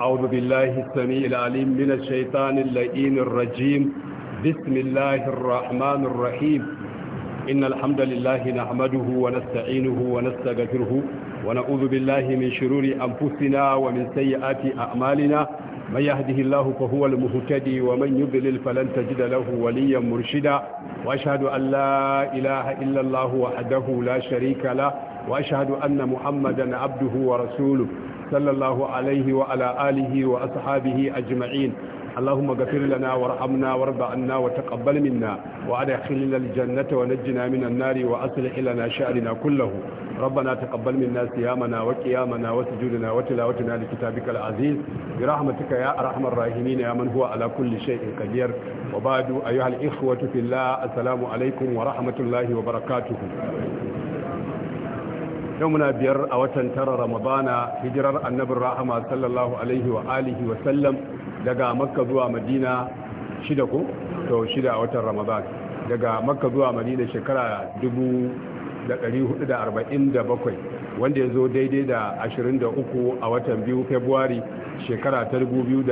أعوذ بالله السميع العليم من الشيطان اللئين الرجيم بسم الله الرحمن الرحيم إن الحمد لله نحمده ونستعينه ونستغفره ونعوذ بالله من شرور أنفسنا ومن سيئات أعمالنا من يهده الله فهو المهتدي ومن يضلل فلن تجد له وليا مرشدا وأشهد أن لا إله إلا الله وحده لا شريك له وأشهد أن محمدا عبده ورسوله صلى الله عليه وعلى آله وأصحابه أجمعين اللهم اغفر لنا وارحمنا وارض عنا وتقبل منا وادخلنا الجنة ونجنا من النار وأصلح لنا شأننا كله ربنا تقبل منا صيامنا وقيامنا وسجودنا وتلاوتنا لكتابك العزيز برحمتك يا أرحم الراحمين يا من هو على كل شيء قدير وبعد أيها الإخوة في الله السلام عليكم ورحمة الله وبركاته yau muna biyar a watan tara ramadana hijirar annabin rahama sallallahu alaihi wa alihi wa sallam daga makka zuwa madina shida ko to shida a watan ramadan daga makka zuwa madina shekara 1447 wanda ya zo daidai da 23 a watan biyu februari shekara ta 2026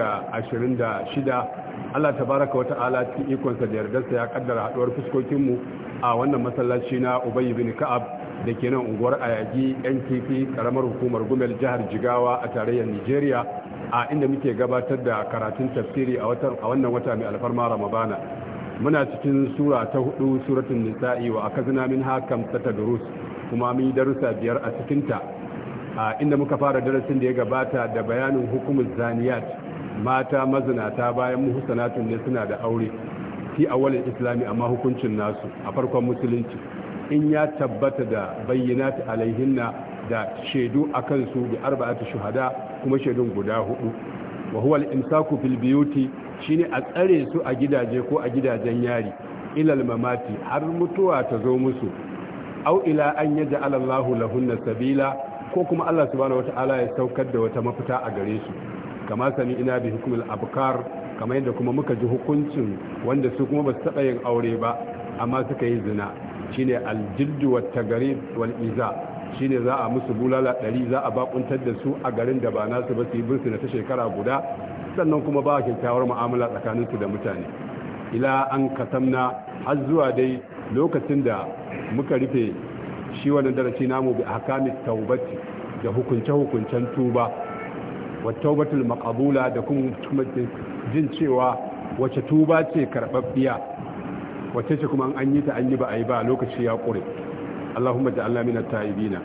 allah tabaraka wata ala cikin ikonsa da yardarsa ya kaddara haduwar fuskokinmu a wannan masallaci na ubayi bin ka'ab da ke nan unguwar ayagi yan kifi karamar hukumar gumel jihar jigawa a tarayyar nigeria a inda muke gabatar da karatun tafsiri a wannan wata mai alfarma ramadana muna cikin sura ta hudu suratun nisa'i wa zina min hakam ta durus kuma mun yi darussa biyar a cikinta a inda muka fara darasin da ya gabata da bayanin hukumar zaniyat mata mazinata bayan muhusanatun ne suna da aure fi awalin islami amma hukuncin nasu a farkon musulunci in ya tabbata da bayyana ta alaihinna da shaidu a kansu bi arba'ati shahada, kuma shaidun guda hudu wa huwa al-imsaku fil biyuti shine a tsare su a gidaje ko a gidajen yari ilal mamati har mutuwa ta zo musu au ila an yaj'ala Allahu lahunna sabila ko kuma Allah subhanahu wata'ala ya saukar da wata mafita a gare su kama sami ina bi hukumul abkar kamar yadda kuma muka ji hukuncin wanda su kuma ba su taɓa yin aure ba amma suka yi zina shine aljiddu wa tagarib wal iza shine za a musu bulala ɗari za a bakuntar da su a garin da ba nasu ba su yi bursu na ta shekara guda sannan kuma ba kyakkyawar mu'amala su da mutane ila an katamna har zuwa dai lokacin da muka rufe shi wannan darasi namu bi ahkami taubati da hukunce hukuncen tuba wa taubatul maqbula da kuma jin cewa wace tuba ce karbabbiya wace ce kuma an yi ta an yi ba a yi ba lokaci ya ƙure allahumma ja'alna min at-ta'ibina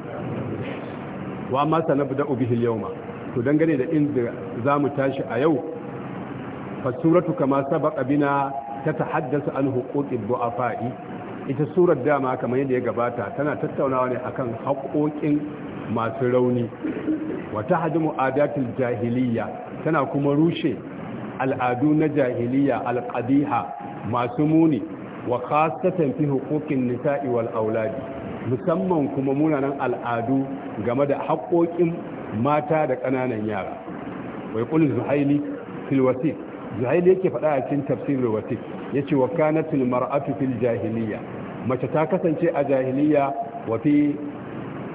wa ma sanabda'u bihi yau ma to dangane da inda mu tashi a yau fasuratu kama ta ta haddasa an huquqi du'afa'i ita surar dama kamar yadda ya gabata tana tattaunawa ne akan haƙoƙin masu rauni wata hadimu adatul jahiliya tana kuma rushe al'adu na jahiliya alƙadiha masu muni wa khasatan fi huquqin nisa'i wal auladi musamman kuma munanan al'adu game da haƙoƙin mata da ƙananan yara wai qul zuhaili fil zuhaili yake faɗa a cikin tafsirul wasit yace wa kanatil mar'atu fil jahiliya mace ta kasance a jahiliya wa fi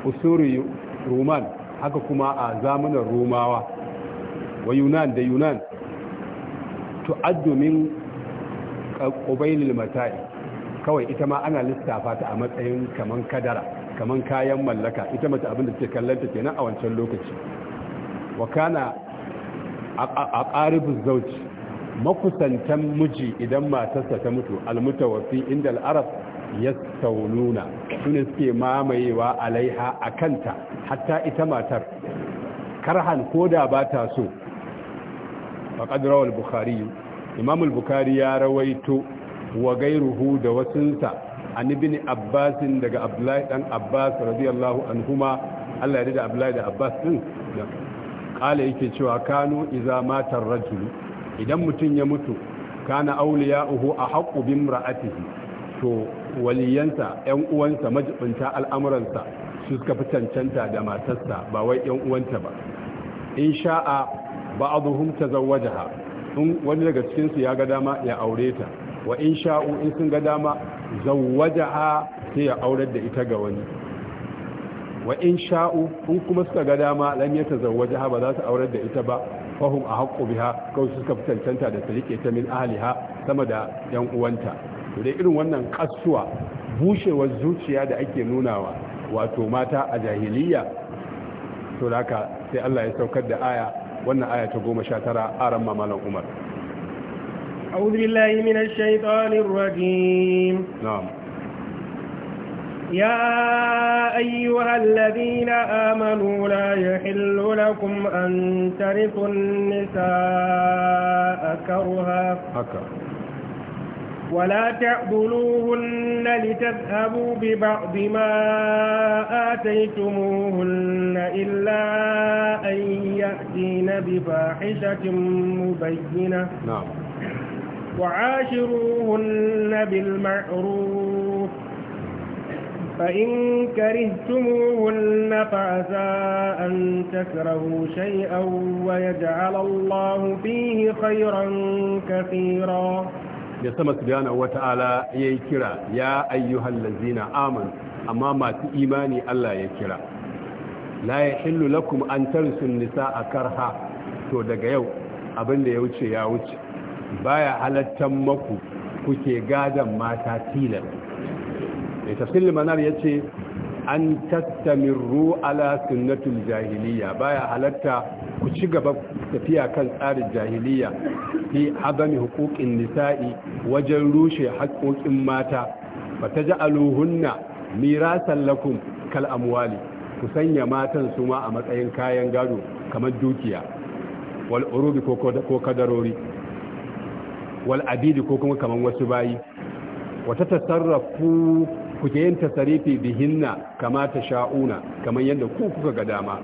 usuri ruman haka kuma a zamanin rumawa wa yunan da yunan tu'addu min ƙubailil mata'i kawai ita ma ana lissafa ta a matsayin kaman kadara kaman kayan mallaka ita mace abinda da ce kallanta kenan a wancan lokaci Wakana a ƙaribin zauci makusantan miji idan matarsa ta mutu almutawaffi inda al'arab ya saununa suna suke mamayewa alaiha a kanta hatta ita matar karhan koda ba ta so a rawar bukhari imam al-bukhari ya rawaito wa gairuhu da wasunsa an ibn abbas daga abdullahi dan abbas radiyallahu anhuma Allah ya rida abdullahi da abbas din kala yake cewa kanu Iza, mata ar-rajul idan mutun ya mutu kana awliya'uhu ahqqu bi imra'atihi to waliyansa yan uwansa majibinta al'amuransa su suka fi cancanta da matarsa ba wai yan uwanta ba in sha'a ba'dhum tazawwajaha in wani daga cikinsu ya ga dama ya aure ta wa in sha'u in sun ga dama zawwajaha sai ya aurar da ita ga wani wa in sha'u in kuma suka ga dama lam yatazawwajaha ba za su aurar da ita ba fahum ahqqu biha kawai suka fitantanta da sarike ta min ahliha sama da yan uwanta to dai irin wannan kasuwa bushewar zuciya da ake nunawa wato mata a jahiliya to laka sai Allah ya saukar da aya wannan aya ta goma sha tara aran mamalan umar أعوذ بالله من الشيطان الرجيم نعم يا أيها الذين آمنوا لا يحل لكم أن ترثوا النساء كرها ولا تعبدوهن لتذهبوا ببعض ما آتيتموهن إلا أن يأتين بفاحشة مبينة نعم وعاشروهن بالمعروف فإن كرهتموهن فعسى أن تكرهوا شيئا ويجعل الله فيه خيرا كثيرا da sama su ala wata'ala yi kira ya ayyuhan lazina, amanu amma masu imani Allah ya kira la hillu lakum an tarsun a karha to daga yau abin da ya wuce ya wuce baya halattan maku kuke gadon mata tilar da tafsir ya ce an tattamirru ala sunnatul jahiliya baya halatta ku ci gaba tafiya kan tsarin jahiliya fi abami hukukin nisa'i wajen rushe haƙoƙin mata ba ta ji aluhunna mirasan lakum kal amwali ku sanya matan su ma a matsayin kayan gado kamar dukiya wal urubi ko kadarori wal abidi ko kuma kamar wasu bayi wata tasarrafu ku ke yin tasarifi bihinna kama ta sha'una kamar yadda ku kuka ga dama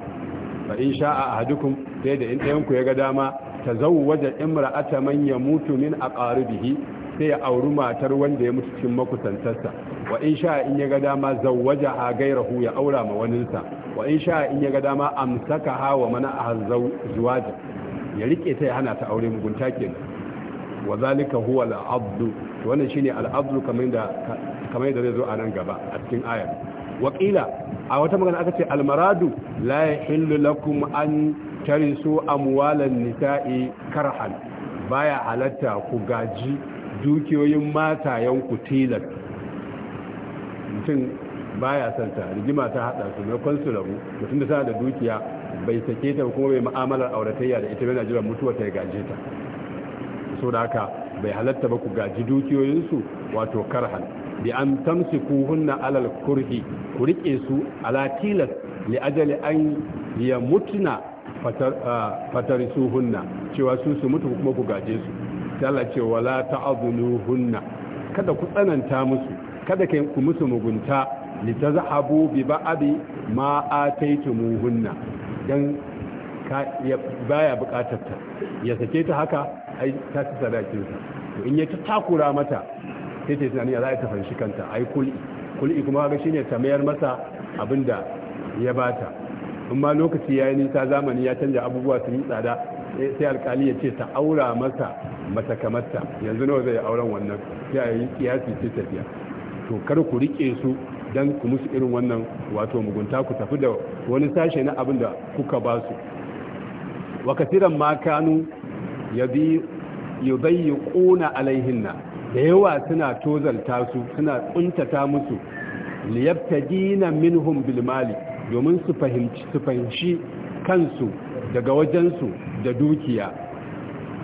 fa in sha'a ahadukum dai da in ɗayan ku ya ga dama tazawwaja imra'ata man yamutu min aqaribihi sai ya auri matar wanda ya mutu cikin makusantarsa wa in sha'a in ya ga dama zawwaja a gairahu ya aura ma sa wa in sha'a in ya ga dama amsaka ha wa mana ahzaw zuwaja ya rike ta ya hana ta aure mugunta kenan wa zalika huwa al-abdu wannan shine al kamar da kamar da zai zo a nan gaba a cikin ayar waƙila a wata magana aka ce almaradu la yahillu lakum an tarisu amwalan nisa'i karhan baya halatta ku gaji dukiyoyin mata yanku mutum baya santa rigima ta hada su maimakon su rabu mutum da suna da dukiya bai sake ta kuma bai ma'amalar auratayya da ita yana jiran mutuwa ta gaje ta so da haka bai halatta ba ku gaji dukiyoyinsu wato karhan bi an hunna alal kurhi ku rike su ala tilas li ajali an ya mutuna hunna cewa su su mutu kuma ku gaje su Allah ce wala ta'dhuluhunna kada ku tsananta musu kada kai ku musu mugunta li tazhabu bi ba'di ma ataytumuhunna dan ka baya bukatar ta ya sake ta haka ai ta ci sadakin in ya takura mata sai ta za a ta fanshi kanta a yi kul'i kul'i kuma shi shine ta mayar masa abin da ya bata in ma lokaci ya yi nisa zamani ya canja abubuwa su yi tsada sai alkali ya ce ta aura masa mata kamarta yanzu nawa zai auren wannan sai a yi kiyasi sai tafiya to kar ku rike su dan ku musu irin wannan wato mugunta ku tafi da wani sashe na abin da kuka ba su wa kasiran ma kanu yabi yubayyiquna alaihinna da yawa suna tozalta su suna tsuntata musu liyabtadina minhum bil mali domin su fahimci su fahimci kansu daga wajensu da dukiya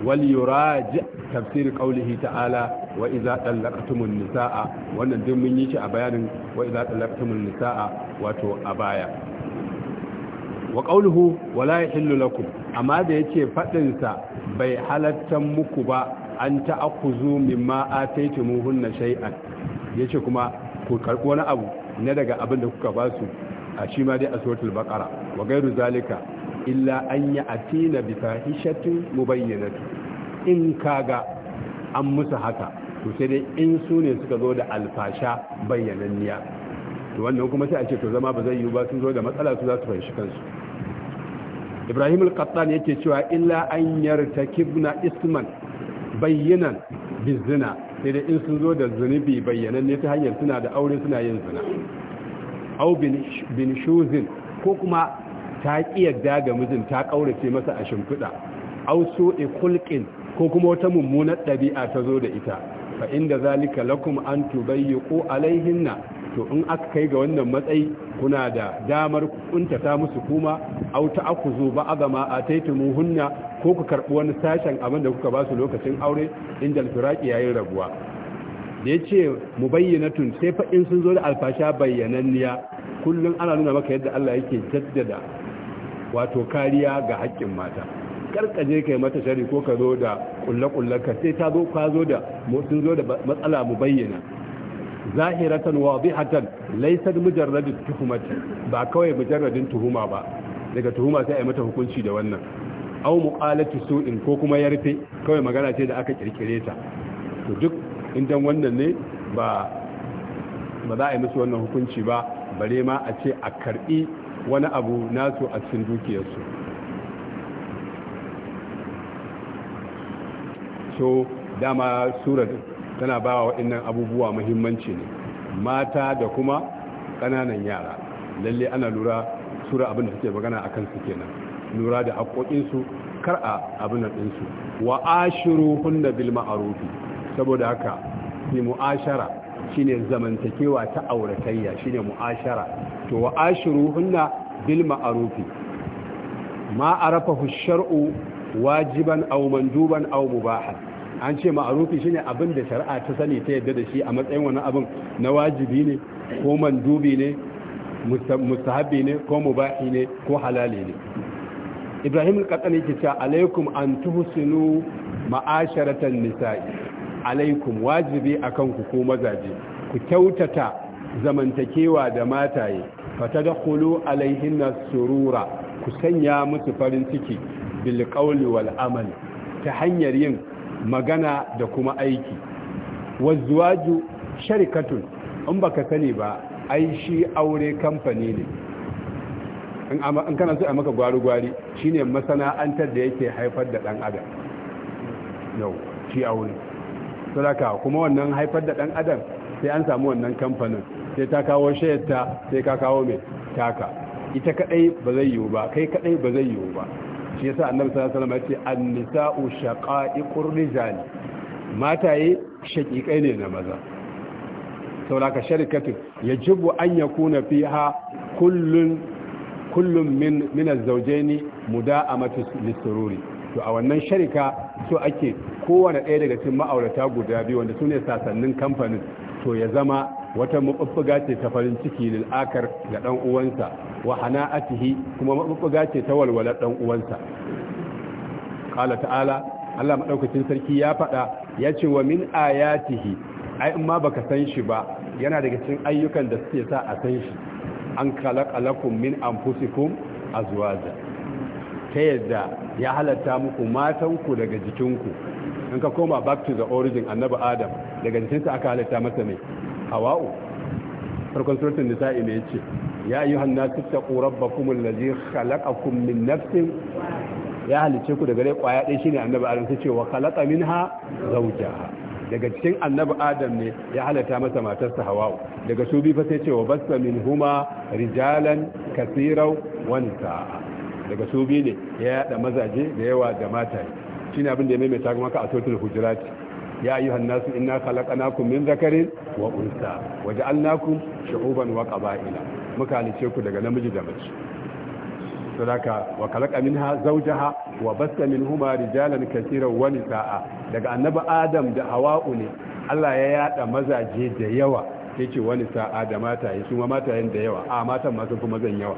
wal yuraj tafsir qawlihi ta'ala wa idza talaqtumun nisaa wannan din mun yi shi a bayanin wa idza talaqtumun nisaa wato a baya wa qawluhu wala yahillu lakum amma da yace fadin sa bai halattan muku ba an ta'akhuzu mimma ataytumuhunna shay'an yace kuma ku karbi wani abu na daga abin da kuka basu a shi ma dai a suratul baqara wa ghairu zalika illa an ya'tina bi fahishatin mubayyinatin in kaga an musu haka to sai dai in su suka zo da alfasha bayyananniya to wannan kuma sai a ce to zama ba zai yi ba sun zo da matsala su za su fahimci kansu ibrahim al-qattan yake cewa illa an yartakibna isman bayyanan bizina sai da in sun zo da zunubi bayyanan ne ta hanyar suna da aure suna yin zina au bin shuzin ko kuma ta kiyarda ga mijin ta kaurace masa a shimfiɗa au su'i kulkin ko kuma wata mummunar ɗabi'a ta zo da ita fa inda zalika lakum an ko alaihinna to in aka kai ga wannan matsayi kuna da damar ta musu kuma auta ta aku zo ba azama a taitumu hunna ko ku karɓi wani sashen abin da kuka ba su lokacin aure inda alfiraki yayin rabuwa da ya ce mu tun sai fa in sun zo da alfasha bayyananniya kullum ana nuna maka yadda Allah yake jaddada wato kariya ga haƙƙin mata karkaje kai mata shari ko ka zo da kulle-kulle ka sai ta zo ka zo da sun zo da matsala mu bayyana zahiratan wadihatan laysa mujarrad tuhmat ba kawai mujarradin tuhuma ba daga tuhuma sai a yi mata hukunci da wannan aw muqalatu su'in ko kuma yarfe kawai magana ce da aka kirkire ta to duk indan wannan ne ba ba za a yi musu wannan hukunci ba bare ma a ce a karbi wani abu nasu a cikin dukiyarsu so dama surar tana ba wa waɗannan abubuwa muhimmanci ne mata da kuma ƙananan yara lalle ana lura sura abin da suke magana a su kenan lura da haƙoƙinsu kar a abin da ɗinsu wa ashiru hunna bil ma'arufi saboda haka fi mu'ashara shine zamantakewa ta auratayya shine mu'ashara to wa ashiru hunna bil ma'arufi ma arafahu shar'u wajiban aw manduban aw mubahan an ce ma'arufi shine abin da shari'a ta sani ta yadda da shi a matsayin wani abin na wajibi ne ko mandubi ne mustahabi ne ko mubahi ne ko halali ne ibrahim al-qatan yake cewa alaikum an tuhsinu ma'asharatan nisa'i alaikum wajibi akan ku ko mazaje ku kyautata zamantakewa da mataye fatadkhulu alaihinna surura ku sanya musu farin ciki bil qawli wal amali ta hanyar yin magana da kuma aiki wazuwaju sharikatun in baka sani ba ai shi aure kamfani ne in kana so a maka gwari-gwari shine masana'antar da yake haifar da dan adam yau shi aure sadaka kuma wannan haifar da dan adam sai an samu wannan kamfanin sai ta kawo shayarta sai ka kawo mai taka ita kadai ba zai yiwu ba kai kadai ba zai yiwu ba shi yasa annabi sallallahu alaihi wasallam ya ce an-nisa'u shaqa'iqur rijali mataye shaqiqai ne na maza sauraka sharikatu yajibu an yakuna fiha kullun kullum min minas zaujeni muda'amatu lisururi to a wannan sharika so ake kowane ɗaya daga cikin ma'aurata guda biyu wanda sune sasannin kamfanin to ya zama wata mabubbuga ce ta farin ciki lil akar ga dan uwansa wa hana'atihi kuma mabubbuga ce ta walwala ɗan uwansa qala ta'ala Allah madaukakin sarki ya faɗa ya ce wa min ayatihi ai in ma baka san shi ba yana daga cikin ayyukan da suke sa a san shi an khalaqa lakum min anfusikum azwaja ta yadda ya halatta muku matanku daga jikinku in ka koma back to the origin annabi adam daga jikinsa aka halatta masa ne hawa'u farkon suratun nisa'i ne yace ya ayyuhan nasu taqu rabbakum allazi khalaqakum min nafsin ya halice ku daga rai kwaya ɗaya shine annabi adam sai ce wa khalaqa minha zawjaha daga cikin annabi adam ne ya halata masa matarsa hawa'u daga su bi fa sai ce wa min huma rijalan kaseeran wa nisaa daga su bi ne ya yada mazaje da yawa da mata shine abin da ya maimaita kuma ka a suratul hujurati ya ayyuhan nasu na khalaqnakum min zakarin wa unsa ku? shu'uban wa qaba'ila muka halice ku daga namiji da mace sadaka wa ha zau ha wa basta huma rijalan kasirar wani sa'a daga annabi adam da hawa'u ne Allah ya yada mazaje da yawa ce wani sa'a da mataye suma mata yin da yawa a matan masu kuma zan yawa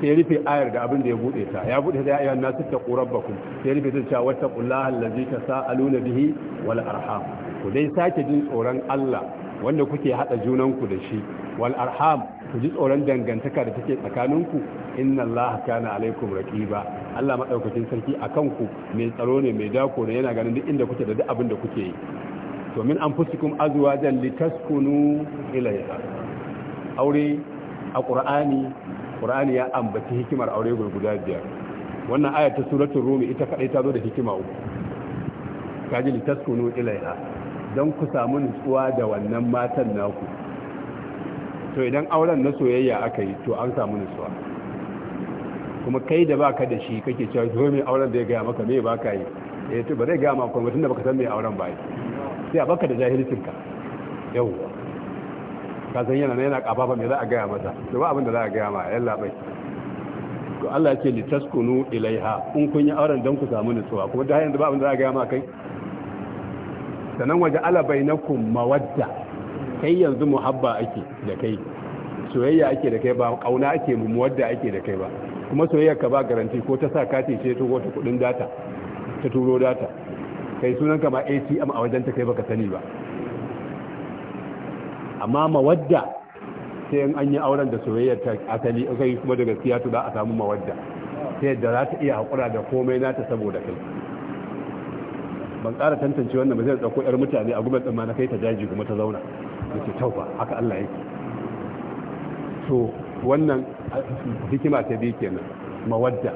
sai rufe ayar da abin da ya bude ta ya bude ta ayyuhan nasu ta rabbakum sai rufe ta cewa wattaqullaha allazi tasaaluna bihi wal arham ku dai sake jin tsoron Allah wanda kuke hada ku da shi wal arham ku ji tsoron dangantaka da take tsakaninku inna Allah kana alaikum raqiba Allah madaukakin sarki akan ku mai tsaro ne mai dako ne yana ganin duk inda kuke da duk abin da kuke yi to min anfusikum azwajan litaskunu ilayha aure a qur'ani qur'ani ya ambaci hikimar aure guda biyar wannan aya ta suratul rumi ita kadai ta zo da hikima uku kaji litaskunu ilaiha dan ku samu nutsuwa da wannan matan naku to idan auren na soyayya aka yi to an samu nutsuwa kuma kai da baka da shi kake cewa zo mai auren da ya gaya maka me baka yi eh to ba zai gaya maka kuma tunda baka san me auren ba yi sai a baka da jahilcin ka yawwa ka san yana yana kafafa me za a gaya masa to ba abin da za a gaya ma yan labai to Allah yake li taskunu ilaiha in kun yi auren dan ku samu nutsuwa kuma da yanzu ba abin da za a gaya ma kai sanan waje ala bainakum mawadda kai yanzu muhabba ake da kai soyayya ake da kai ba kauna ake mu muwadda ake da kai ba kuma soyayya ka ba garanti ko ta sa kati ce to wata kudin data ta turo data kai sunan ka ba ATM a wajen ta kai baka sani ba amma mawadda sai in an yi auren da soyayyar ta asali kai kuma da gaskiya to za a samu mawadda sai da za ta iya haƙura da komai nata saboda kai ban ƙara tantance wannan ba zai tsako 'yar mutane a gubar tsammana kai ta jaji kuma ta zauna da ke tauba haka Allah yake so wannan hikima ta biyu kenan mawadda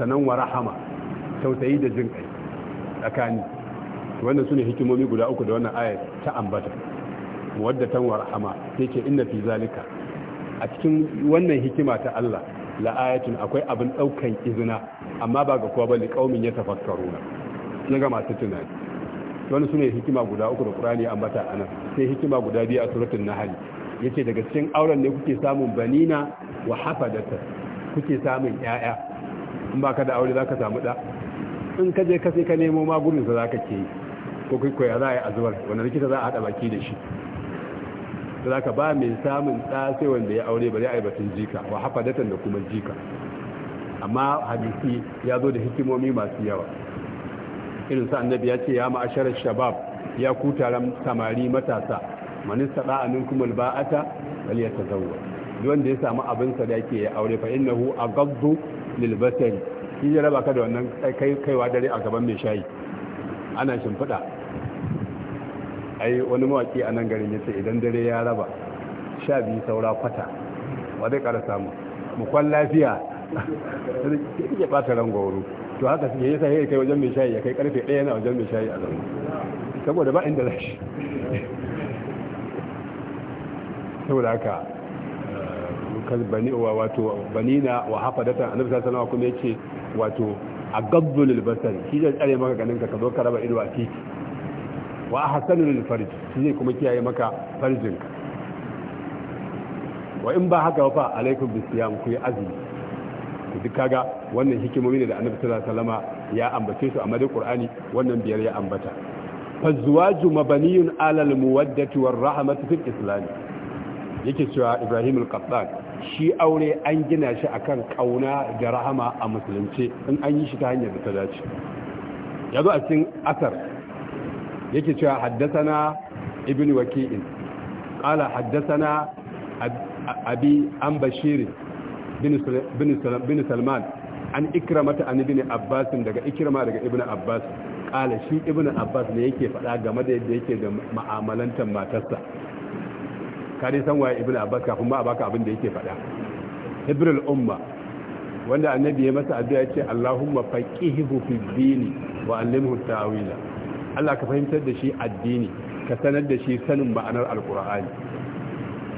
sanan wa rahama tausayi da jin kai tsakani wannan su ne hikimomi guda uku da wannan ayat ta ambata muwaddatan wa rahama yake inna fi zalika a cikin wannan hikima ta Allah ayatin akwai abin daukan izina amma ba ga kowa ba ya yatafakkaruna na ga masu tunani wani sune hikima guda uku da Qur'ani ambata anan sai hikima guda biyu a suratul nahl yace daga cikin auren ne kuke samun banina wa hafadata kuke samun yaya in baka da aure zaka samu da in ka je ka sai ka nemo magurin sa zaka ke ko kai koyar za a yi azubar wanda likita za a haɗa baki da shi za zaka ba mai samun tsase wanda ya aure bari a batun jika wa hafadatan da kuma jika amma hadisi ya zo da hikimomi masu yawa irin sa annabi ya ce ya ma'asharar shabab ya ku samari matasa manin sada amin kuma ba'ata bal ya tazawwa duk wanda ya samu abin sa da yake ya aure fa innahu aghaddu lil basari shi ya raba ka da wannan kai kaiwa dare a gaban mai shayi ana shimfiɗa ai wani mawaki a nan garin ya ce idan dare ya raba sha biyu saura kwata wadai kara samu mukwan lafiya ya ɓata ran goro to haka sai yi sai ya kai wajen mai shayi ya kai karfe ɗaya na wajen mai shayi a zaune saboda ba inda lashi saboda haka eh, bani wa wato bani na wa hafadatan annabi sallallahu alaihi wasallam kuma yace wato a gabbul basari shi zai tsare maka ganin ka ka zo ka raba ido a titi wa hasanu lil shi zai kuma kiyaye maka farjinka wa in ba haka fa alaikum bisiyam ku yi azumi duk kaga wannan hikimomi ne da annabi sallallahu alaihi wasallama ya ambace su a madin qur'ani wannan biyar ya ambata fazwaju mabaniyun alalmu muwaddati war rahmati fil islam yake cewa ibrahim al-qattan shi aure an gina shi akan kauna da rahama a musulunci in an yi shi ta hanyar da ta dace yazo a cikin asar yake cewa haddasana ibn waki'in qala haddasana abi an bashir bin salman an ikramata an ibn abbas daga ikrama daga ibn abbas qala shi ibn abbas ne yake faɗa game da yadda yake da mu'amalantar matarsa kare san waye ibn abbas kafin ma a baka abin da yake faɗa ibril umma wanda annabi ya masa addu'a ya ce allahumma faqihhu fi dini wa allimhu ta'wila Allah ka fahimtar da shi addini ka sanar da shi sanin ma'anar alkur'ani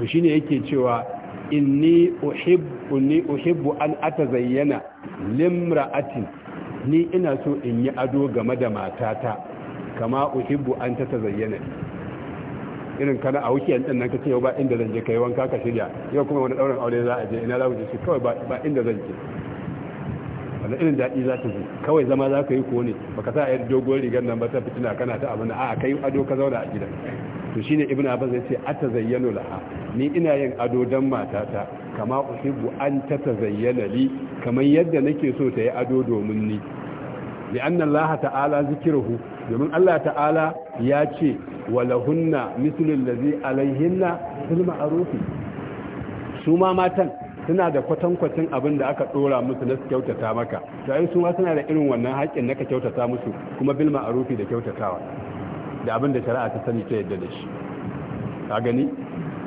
to shine yake cewa inni uhibbu ni uhibbu an atazayyana limra'atin ni ina so in yi ado game da matata kama uhibbu an tatazayyana irin kana a wuce yan dinnan kace yau ba inda zan je kai wanka ka shirya yau kuma wani dauran aure za a je ina za ku je kawai ba inda zan je wani irin daɗi za ta zo kawai zama za ka yi ko ne baka sa a yar dogon rigar nan ba ta fitina kana ta abin a kai ado ka zauna a gidan to shine ibn abbas yace zayyano laha ni ina yin ado dan matata kama uhibbu an tatazayyana li kamar yadda nake so ta yi ado domin ni li'anna laha ta'ala zikirhu domin Allah ta'ala ya ce walahunna mislul ladzi alaihinna bil ma'ruf su ma matan suna da kwatankwacin abin da aka dora musu na su kyautata maka ta ai suna suna da irin wannan haƙƙin na ka kyautata musu kuma bil ma'arufi da kyautatawa da abin da shari'a ta sani ta yadda da shi ka gani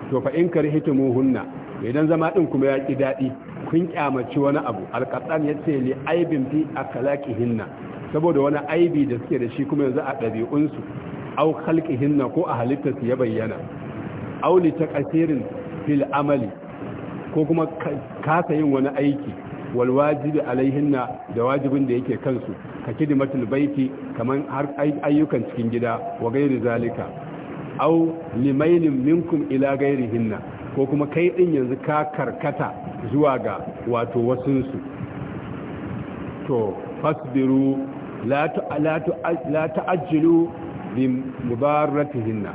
to fa in hunna, idan zama ɗin kuma ya ki daɗi, kun ƙyamaci wani abu ya yace li aibin fi hinna, saboda wani aibi da suke da shi kuma yanzu a ɗabi'unsu au hinna, ko a halittarsu ya bayyana au li ƙasirin fil amali ko kuma kasa yin wani aiki walwajibi wajibi alaihinna da wajibin da yake kansu ka matul baiti kaman har ayyukan cikin gida wa gairi zalika au limailin minkum ila gairi hinna ko kuma kai din yanzu ka karkata zuwa ga wato wasunsu to fasbiru la ta'ajjilu bi mubaratihinna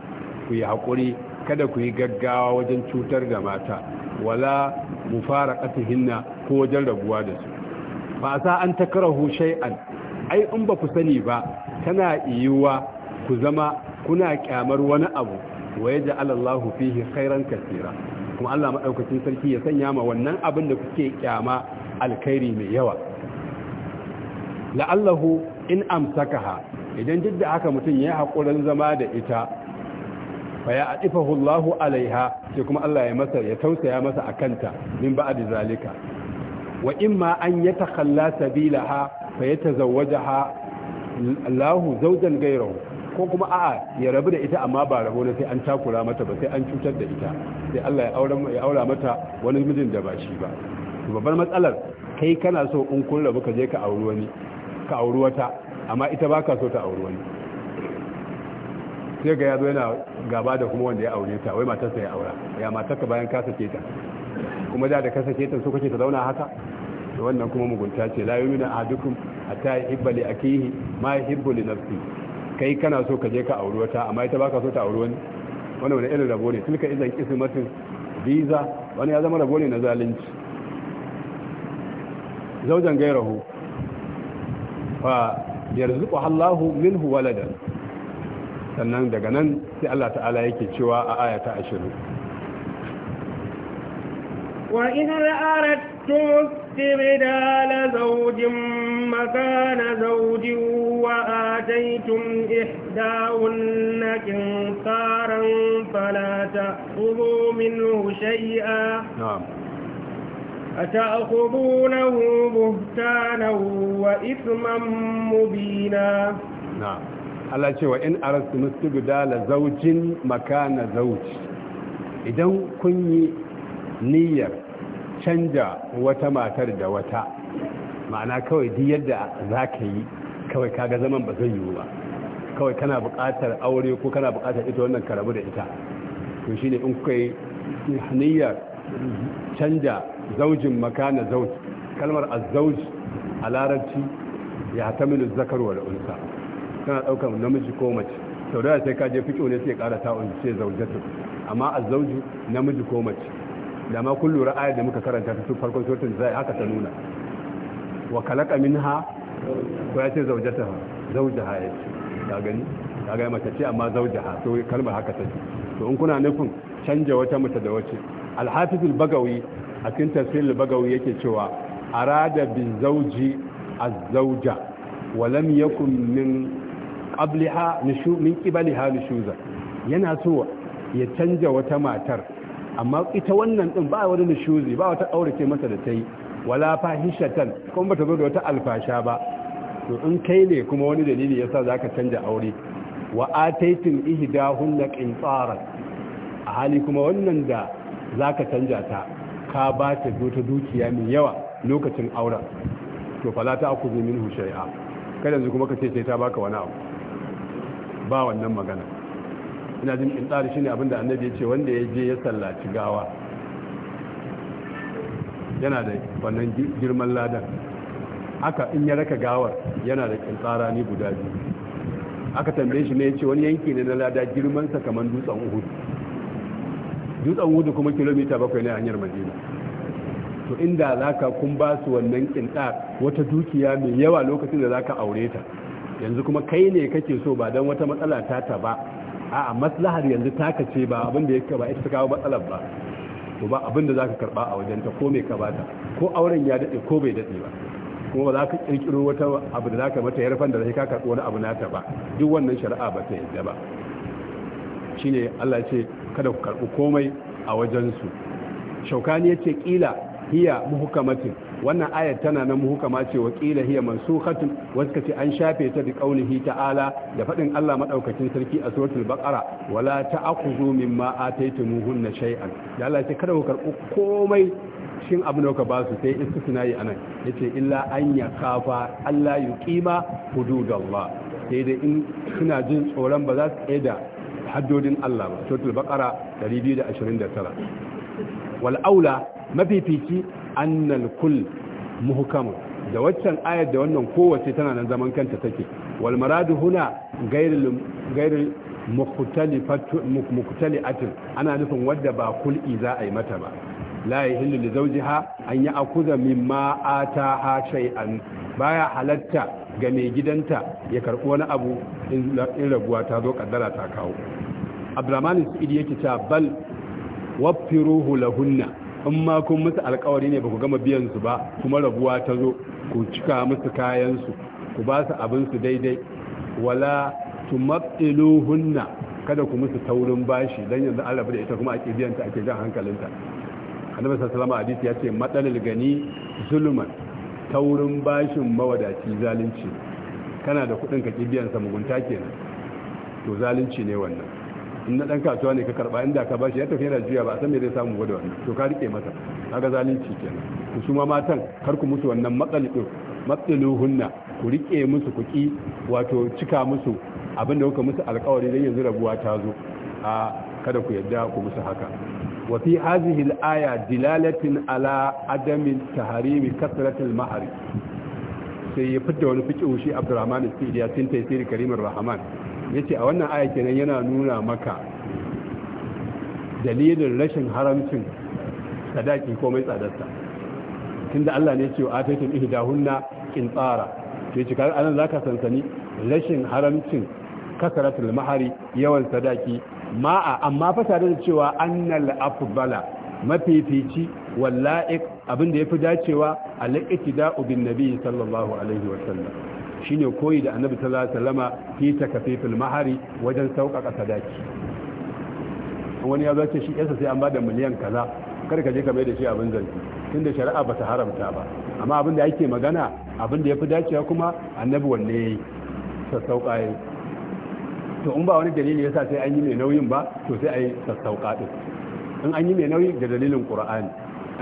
ku yi haƙuri kada ku yi gaggawa wajen cutar da mata wala mufaraqatihinna ko wajen rabuwa da su ba sa an takrahu shay'an ai in ba ku sani ba tana iyuwa ku zama kuna kyamar wani abu wa yaj'al Allahu fihi khairan kaseera kuma Allah madaukakin sarki ya sanya ma wannan abin da kuke kyama alkhairi mai yawa la'allahu in amsakaha idan duk da haka mutum ya haƙurin zama da ita fa ya adifahu Allahu alaiha sai kuma Allah ya masa ya tausaya masa akanta min ba'd zalika wa imma an yatakhalla sabilaha fa yatazawwajaha Allahu zawjan ghayrahu ko kuma a'a ya rabu da ita amma ba rabu ne sai an takura mata ba sai an cutar da ita sai Allah ya aura mata wani mijin da ba shi ba babbar matsalar kai kana so in kun rabu ka je ka auri wani ka auri wata amma ita baka so ta auri wani sai ga yazo yana gaba da kuma wanda ya aure ta wai matarsa ya aura ya matarka bayan ka sake ta kuma da da ka sake ta so kake ta zauna haka to wannan kuma mugunta ce la yumina ahadukum hatta yuhibba li akihi ma yuhibbu li nafsi kai kana so ka je ka aure wata amma ita baka so ta aure wani wannan wani irin rabo ne tilka idan kismatin visa wani ya zama rabo ne na zalunci zaujan gairahu fa yarzuqu Allahu minhu waladan sannan daga nan sai Allah ta'ala yake cewa a aya ta ashirin wa in ra'aratu tibidala zawjin makana zawji wa ataytum ihdahunna qintaran fala ta'khudhu minhu shay'a na'am ata'khudunahu buhtanan wa ithman mubina na'am Allah cewa in guda la zaujin makana zauji. idan kun yi niyyar canja wata matar da wata ma'ana kawai duk yadda za ka yi kawai kaga zaman ba zai yiwu ba kawai kana buƙatar aure ko kana buƙatar ita wannan karabu da ita to ne in kuka yi niyyar canja zaujin makana zauji kalmar azzauji a larabci ya ta zakar zakarwar unsa tana daukar namiji ko mace sau da sai ka je fiƙo ne sai ƙara ta'un ce zaujatu amma a zauju namiji ko mace da ma kun lura ayar da muka karanta ta farkon sautin zai haka ta nuna wa kalaka minha ko ya ce zaujata ha ya ce ka gani ka ga mace ce amma ha to kalmar haka ta ce to in kuna nufin canja wata mace da wace al-hafiz al-bagawi a cikin tafsir al-bagawi yake cewa arada bi zauji az-zauja wa lam yakun min qabliha nishu min qibaliha nushuza yana so ya canja wata matar amma ita wannan din ba wani nushuzi ba wata aurace masa da tai wala fahishatan kuma bata zo da wata alfasha ba to in kai ne kuma wani dalili yasa zaka canja aure wa ataitin ihdahunna qintaran a hali kuma wannan da zaka canja ta ka ba ta ta dukiya mai yawa lokacin auren to fala ta aku minhu shay'a kada yanzu kuma ka ce sai ta baka wani abu ba wannan magana ina jin tsari shine abinda annabi ya ce wanda ya je ya sallaci gawa yana da wannan girman ladan haka in ya raka gawar yana da kintsara ni guda biyu aka tambaye shi ne ya ce wani yanki ne na lada girman sa kamar dutsen uhud dutsen uhud kuma kilomita bakwai ne a hanyar madina to inda zaka kun ba su wannan kintsar wata dukiya mai yawa lokacin da zaka aure ta yanzu kuma kai ne kake so ba don wata matsala ta ta ba a maslahar yanzu ka ce ba abin da yake ba ita ta kawo matsalar ba to ba abin da zaka karba a wajenta ko mai ka bata ko auren ya dade ko bai dade ba kuma ba za ka kirkiro wata abu da za ka mata yarfan da zai ka karɓi wani abu nata ba duk wannan shari'a ba ta yadda ba shine Allah allah ce kada ku karɓi komai a wajen su shaukani ya ce ƙila hiya muhukamatin wannan ayar tana nan muhukama ce wa qila hiya mansukhatun waska ce an shafe ta bi qaulihi ta'ala da fadin Allah madaukakin sarki a suratul baqara wala ta'khudhu mimma ataytumuhunna shay'an da Allah ce kada ku karbu komai shin abin da ka ba su sai istisna yi anan yace illa an kafa. Allah yuqima hududallah sai da in suna jin tsoron ba za su tsaya da haddodin Allah ba suratul baqara 229 wal aula mafifici annal kul muhkamu da waccan ayar da wannan kowace tana nan zaman kanta take wal maradu huna gairil gairil muktalifatin ana nufin wadda ba kul'i za a yi mata ba la yahillu li zawjiha an ya'khudha mimma ha shay'an baya halatta ga mai gidanta ya karbi wani abu in raguwa ta zo kaddara ta kawo abdurrahman sa'id yake cewa bal waffiruhu lahunna in ma kun musu alkawari ne ba ku gama biyan su ba kuma rabuwa ta zo ku cika musu kayan su ku ba su abin su daidai wala tumabtiluhunna kada ku musu taurin bashi dan yanzu Allah da ita kuma ake biyan ta ake jan hankalinta annabi sallallahu alaihi wasallam ya ce matsalil gani zulman taurin bashin mawadaci zalunci kana da kudin ka kibiyan sa mugunta kenan to zalunci ne wannan in dan kasuwa ne ka karba inda ka bashi ya tafi yana juya ba a san me zai samu gode wannan to ka rike masa kaga zalunci kenan ku su ma matan kar ku musu wannan matsalin matsaluhunna ku rike musu kuki wato cika musu abinda kuka musu alkawari dan yanzu rabuwa ta zo a kada ku yadda ku musu haka wa fi hadhihi al-aya dilalatin ala adami taharimi kasrat al-mahr sai ya fitta wani fiqh shi Abdurrahman al-Sidi tin tafsir Karim rahman ce a wannan aya kenan yana nuna maka dalilin rashin haramcin sadaki komai tsadarsa, tun da Allah ne ce wa ataytum in tsara to yace kar anan ka sansani rashin haramcin kasaratul mahari yawan sadaki ma'a amma fa tare da cewa annal afbala mafifici wallaik abinda da fi dacewa al ubin bin nabi sallallahu alaihi wa shine koyi da annabi sallallahu alaihi wasallama fi takafifil mahari wajen sauƙaƙa sadaki wani ya zace shi yasa sai an bada miliyan kaza kar ka je ka mai da shi abin zanci tunda shari'a bata haramta ba amma abin da yake magana abin da yafi dacewa kuma annabi wanne yayi sassauƙa yayi to in ba wani dalili yasa sai an yi mai nauyin ba to sai ayi sassauƙa din in an yi mai nauyi da dalilin qur'ani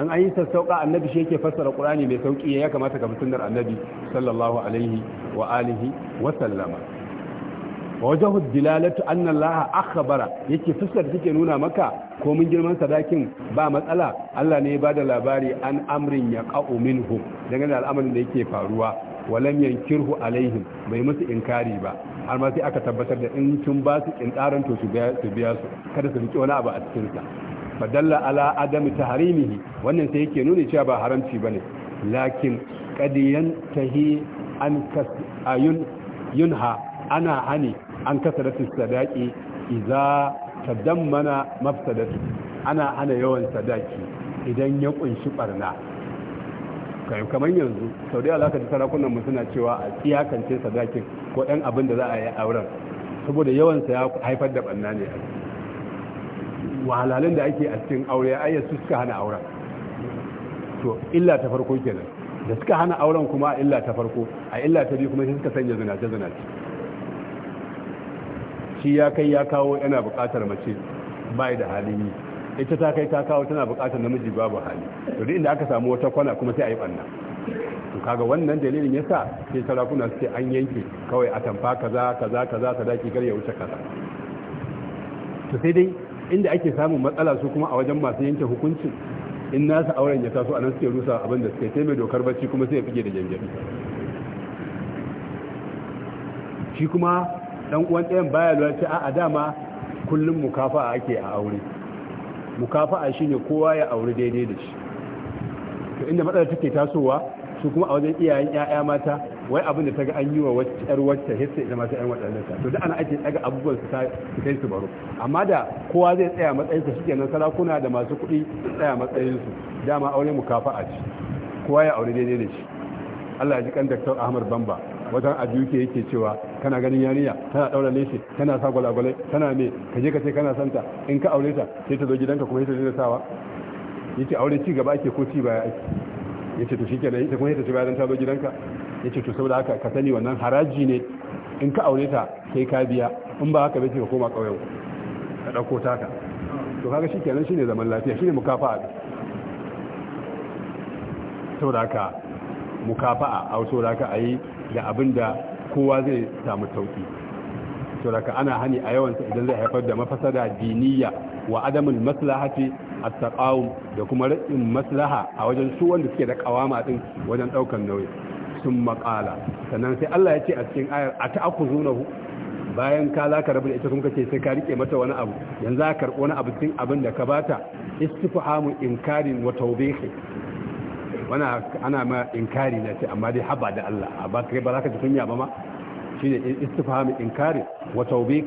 in an yi sassauƙa annabi shi yake fassara qur'ani mai sauki ya kamata ka bi sunnar annabi sallallahu alaihi wa alihi wa sallama wa wajahu dilalatu anna allaha akhbara yake fuskar take nuna maka ko mun girman sadakin ba matsala Allah ne ya bada labari an amrin ya minhum dangane da al'amarin da yake faruwa walam yankirhu alaihim bai musu inkari ba har ma sai aka tabbatar da in tun ba su kintaran to su biya su kada su rike wani abu a cikin sa fadalla ala adami taharimihi wannan sai yake nuna cewa ba haramci bane lakin qadiyan tahi an yunha ana hani an kasa da sadaki idza tadammana mafsadatu ana hana yawan sadaki idan ya kunshi barna kamar yanzu sau da alaka da sarakunan mu suna cewa a iyakance sadakin ko ɗan abin da za a yi auren saboda yawansa ya haifar da ɓanna ne a wahalalun da ake a cikin aure ayyar su suka hana auren to illa ta farko kenan da suka hana auren kuma a illa ta farko a illa ta biyu kuma sai suka sanya zinace zinace shi ya kai ya kawo yana buƙatar mace bai da halin yi ita ta kai ta kawo tana bukatar namiji babu hali to inda aka samu wata kwana kuma sai a yi banna to kaga wannan dalilin yasa sai sarakuna suke an yanke kawai a tamfa kaza kaza kaza sadaki gar ya wuce kaza to sai dai inda ake samun matsala su kuma a wajen masu yanke hukuncin in nasa auren ya taso anan suke rusa abin da suke sai dokar bacci kuma sai ya fige da jangyabi shi kuma dan uwan ɗayan baya lura ce a dama kullum mukafa'a ake a aure mukafa'a shine kowa ya aure daidai da shi to inda matsalar take tasowa su kuma a wajen iyayen 'ya'ya mata wai abin da ta ga an yi wa yar wacce hissa ita masu yan waɗannan ta to da ana ake daga abubuwan su kai su baro amma da kowa zai tsaya matsayin sa nan sarakuna da masu kuɗi tsaya matsayin su dama aure mu a ci, kowa ya aure daidai da shi Allah ya ji kan Dr. Ahmad Bamba wajen ajiyu yake cewa kana ganin yarinya tana daura leshi tana sa gwalagwalai tana me ka je ka ce kana santa in ka aure ta sai ta zo gidanka kuma sai ta dinga sawa yace aure ci gaba ake ko ci baya ake yace to shikenan ita kuma sai ta ci bayan ta zo gidanka ya ce to saboda haka ka sani wannan haraji ne in ka aure ta sai ka biya in ba haka bai ka koma ƙauyen ka ɗauko taka to kaga shi kenan shine zaman lafiya shine mukafa'a saboda haka mukafa'a a saboda haka ayi da abin da kowa zai samu sauki saboda ana hani a yawansa idan zai haifar da mafasada diniya wa adamul maslahati at-taqawum da kuma ra'in maslaha a wajen su wanda suke da kawama din wajen daukan nauyi sun makala sannan sai Allah ya ce a cikin ayar a bayan ka za ka rabu da ita kuma kace sai ka rike mata wani abu yanzu za ka karbi wani abu cikin abin da ka bata istifhamu inkarin wa tawbihi wana ana ma inkari na ce amma dai haba da Allah a ba kai ba za ka ji kunya ba ma shine istifhamu inkari wa tawbihi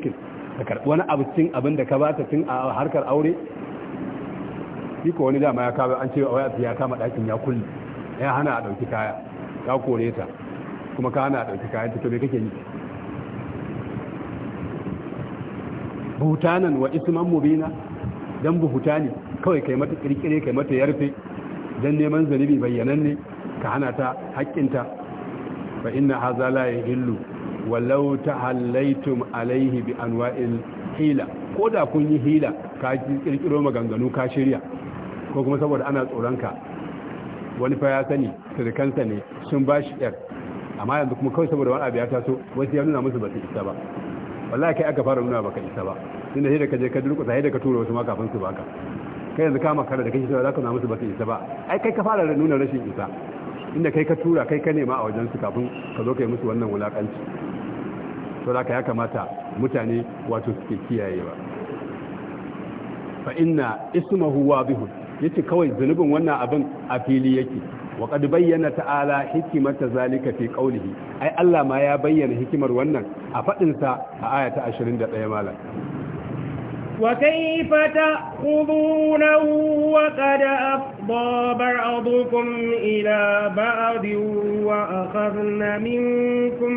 ka karbi wani abu cikin abin da ka bata cikin harkar aure shi ko wani dama ya kawo an ce wai ya kama ɗakin ya kulle ya hana a ɗauki kaya ka kore ta kuma ka hana ɗauki kayan ta kake yi buhutanan wa isman mubina dan buhuta ne kawai kai mata kirkire kai mata yarfe dan neman bayanan ne ka hana ta haƙƙinta fa inna hadha la yahillu walau tahallaitum alaihi bi anwa'il hila ko da kun yi hila ka kirkiro maganganu ka shirya ko kuma saboda ana tsoron ka wani fa ya sani sirkansa ne sun ba shi yar amma yanzu kuma kawai saboda wani abu ya taso wasu ya nuna musu ba su isa ba wallahi kai aka fara nuna baka isa ba tunda sai da ka je ka durƙusa sai da ka tura wasu ma kafin su baka kai yanzu kama kare da kake cewa za ka nuna musu ba su isa ba ai kai ka fara nuna rashin isa inda kai ka tura kai ka nema a wajen su kafin ka zo kai musu wannan wulakanci to da ya kamata mutane wato suke kiyayewa fa inna ismuhu wadihun yace kawai zunubin wannan abin a fili yake wa qad bayyana ta'ala hikimata zalika fi qawlihi ai Allah ma ya bayyana hikimar wannan a fadin sa a aya ta 21 malam وكيف تأخذونه وقد أفضى بعضكم إلى بعض وأخذن منكم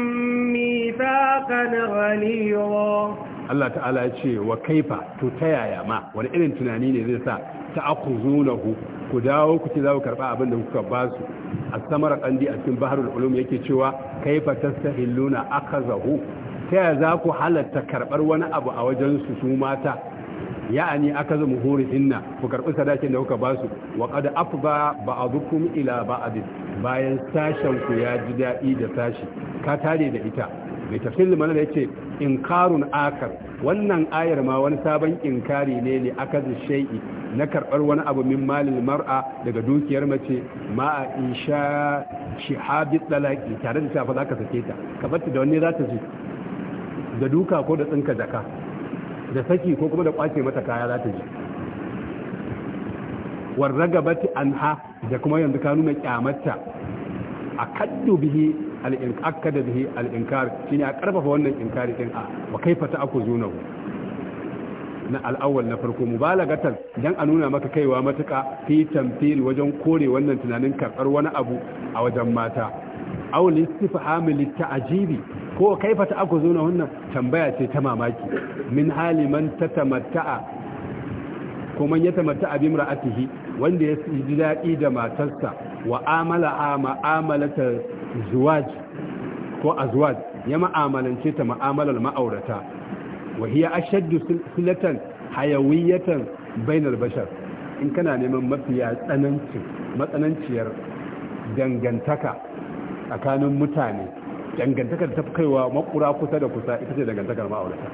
ميثاقا غليظا Allah ta'ala ya ce wa kaifa to ta yaya ma wani irin tunani ne zai sa ta akuzunahu ku dawo ku za ku karba abin da kuka ba su a samara qandi a cikin baharul ulum yake cewa kaifa tastahilluna akazahu ta yaya za ku halatta karbar wani abu a wajen su su mata ya'ani akaza muhurihinna ku karbi sadakin da kuka ba su wa qad afba ba'dukum ila ba'd bayan sashen ku ya ji daɗi da sashi ka tare da ita mai tafsir limanar ya ce inkarun akar wannan ayar ma wani sabon inkari ne ne aka shai'i na karbar wani abu min malin mar'a daga dukiyar mace ma a insha shihabi tsalaki tare da shafa za ka sake ta ka batta da wani za ta ji da duka ko da tsinka jaka da saki ko kuma da kwace mata kaya za ta ji warragabati anha da kuma yanzu ka nuna kyamata a kaddu bihi al-akkada bihi al-inkar a karfafa wannan inkari ɗin a wa kaifa ta'khuzunahu na al'awwal na farko mubalagatan dan a nuna maka kaiwa matuka fi tamthil wajen kore wannan tunanin karbar wani abu a wajen mata aw listifham lit'ajibi ko kaifa ta'khuzuna wannan tambaya ce ta mamaki min hali man tatamatta'a ko man yatamatta'a bi imra'atihi wanda ya ji daɗi da matarsa wa amala a zuwaj ko azwaj ya ma'amalance ta ma'amalar ma'aurata wa hiya ashaddu silatan hayawiyatan bainal bashar in kana neman mafiya tsananci matsananciyar dangantaka tsakanin mutane dangantakar ta kaiwa makura kusa da kusa ita ce dangantakar ma'aurata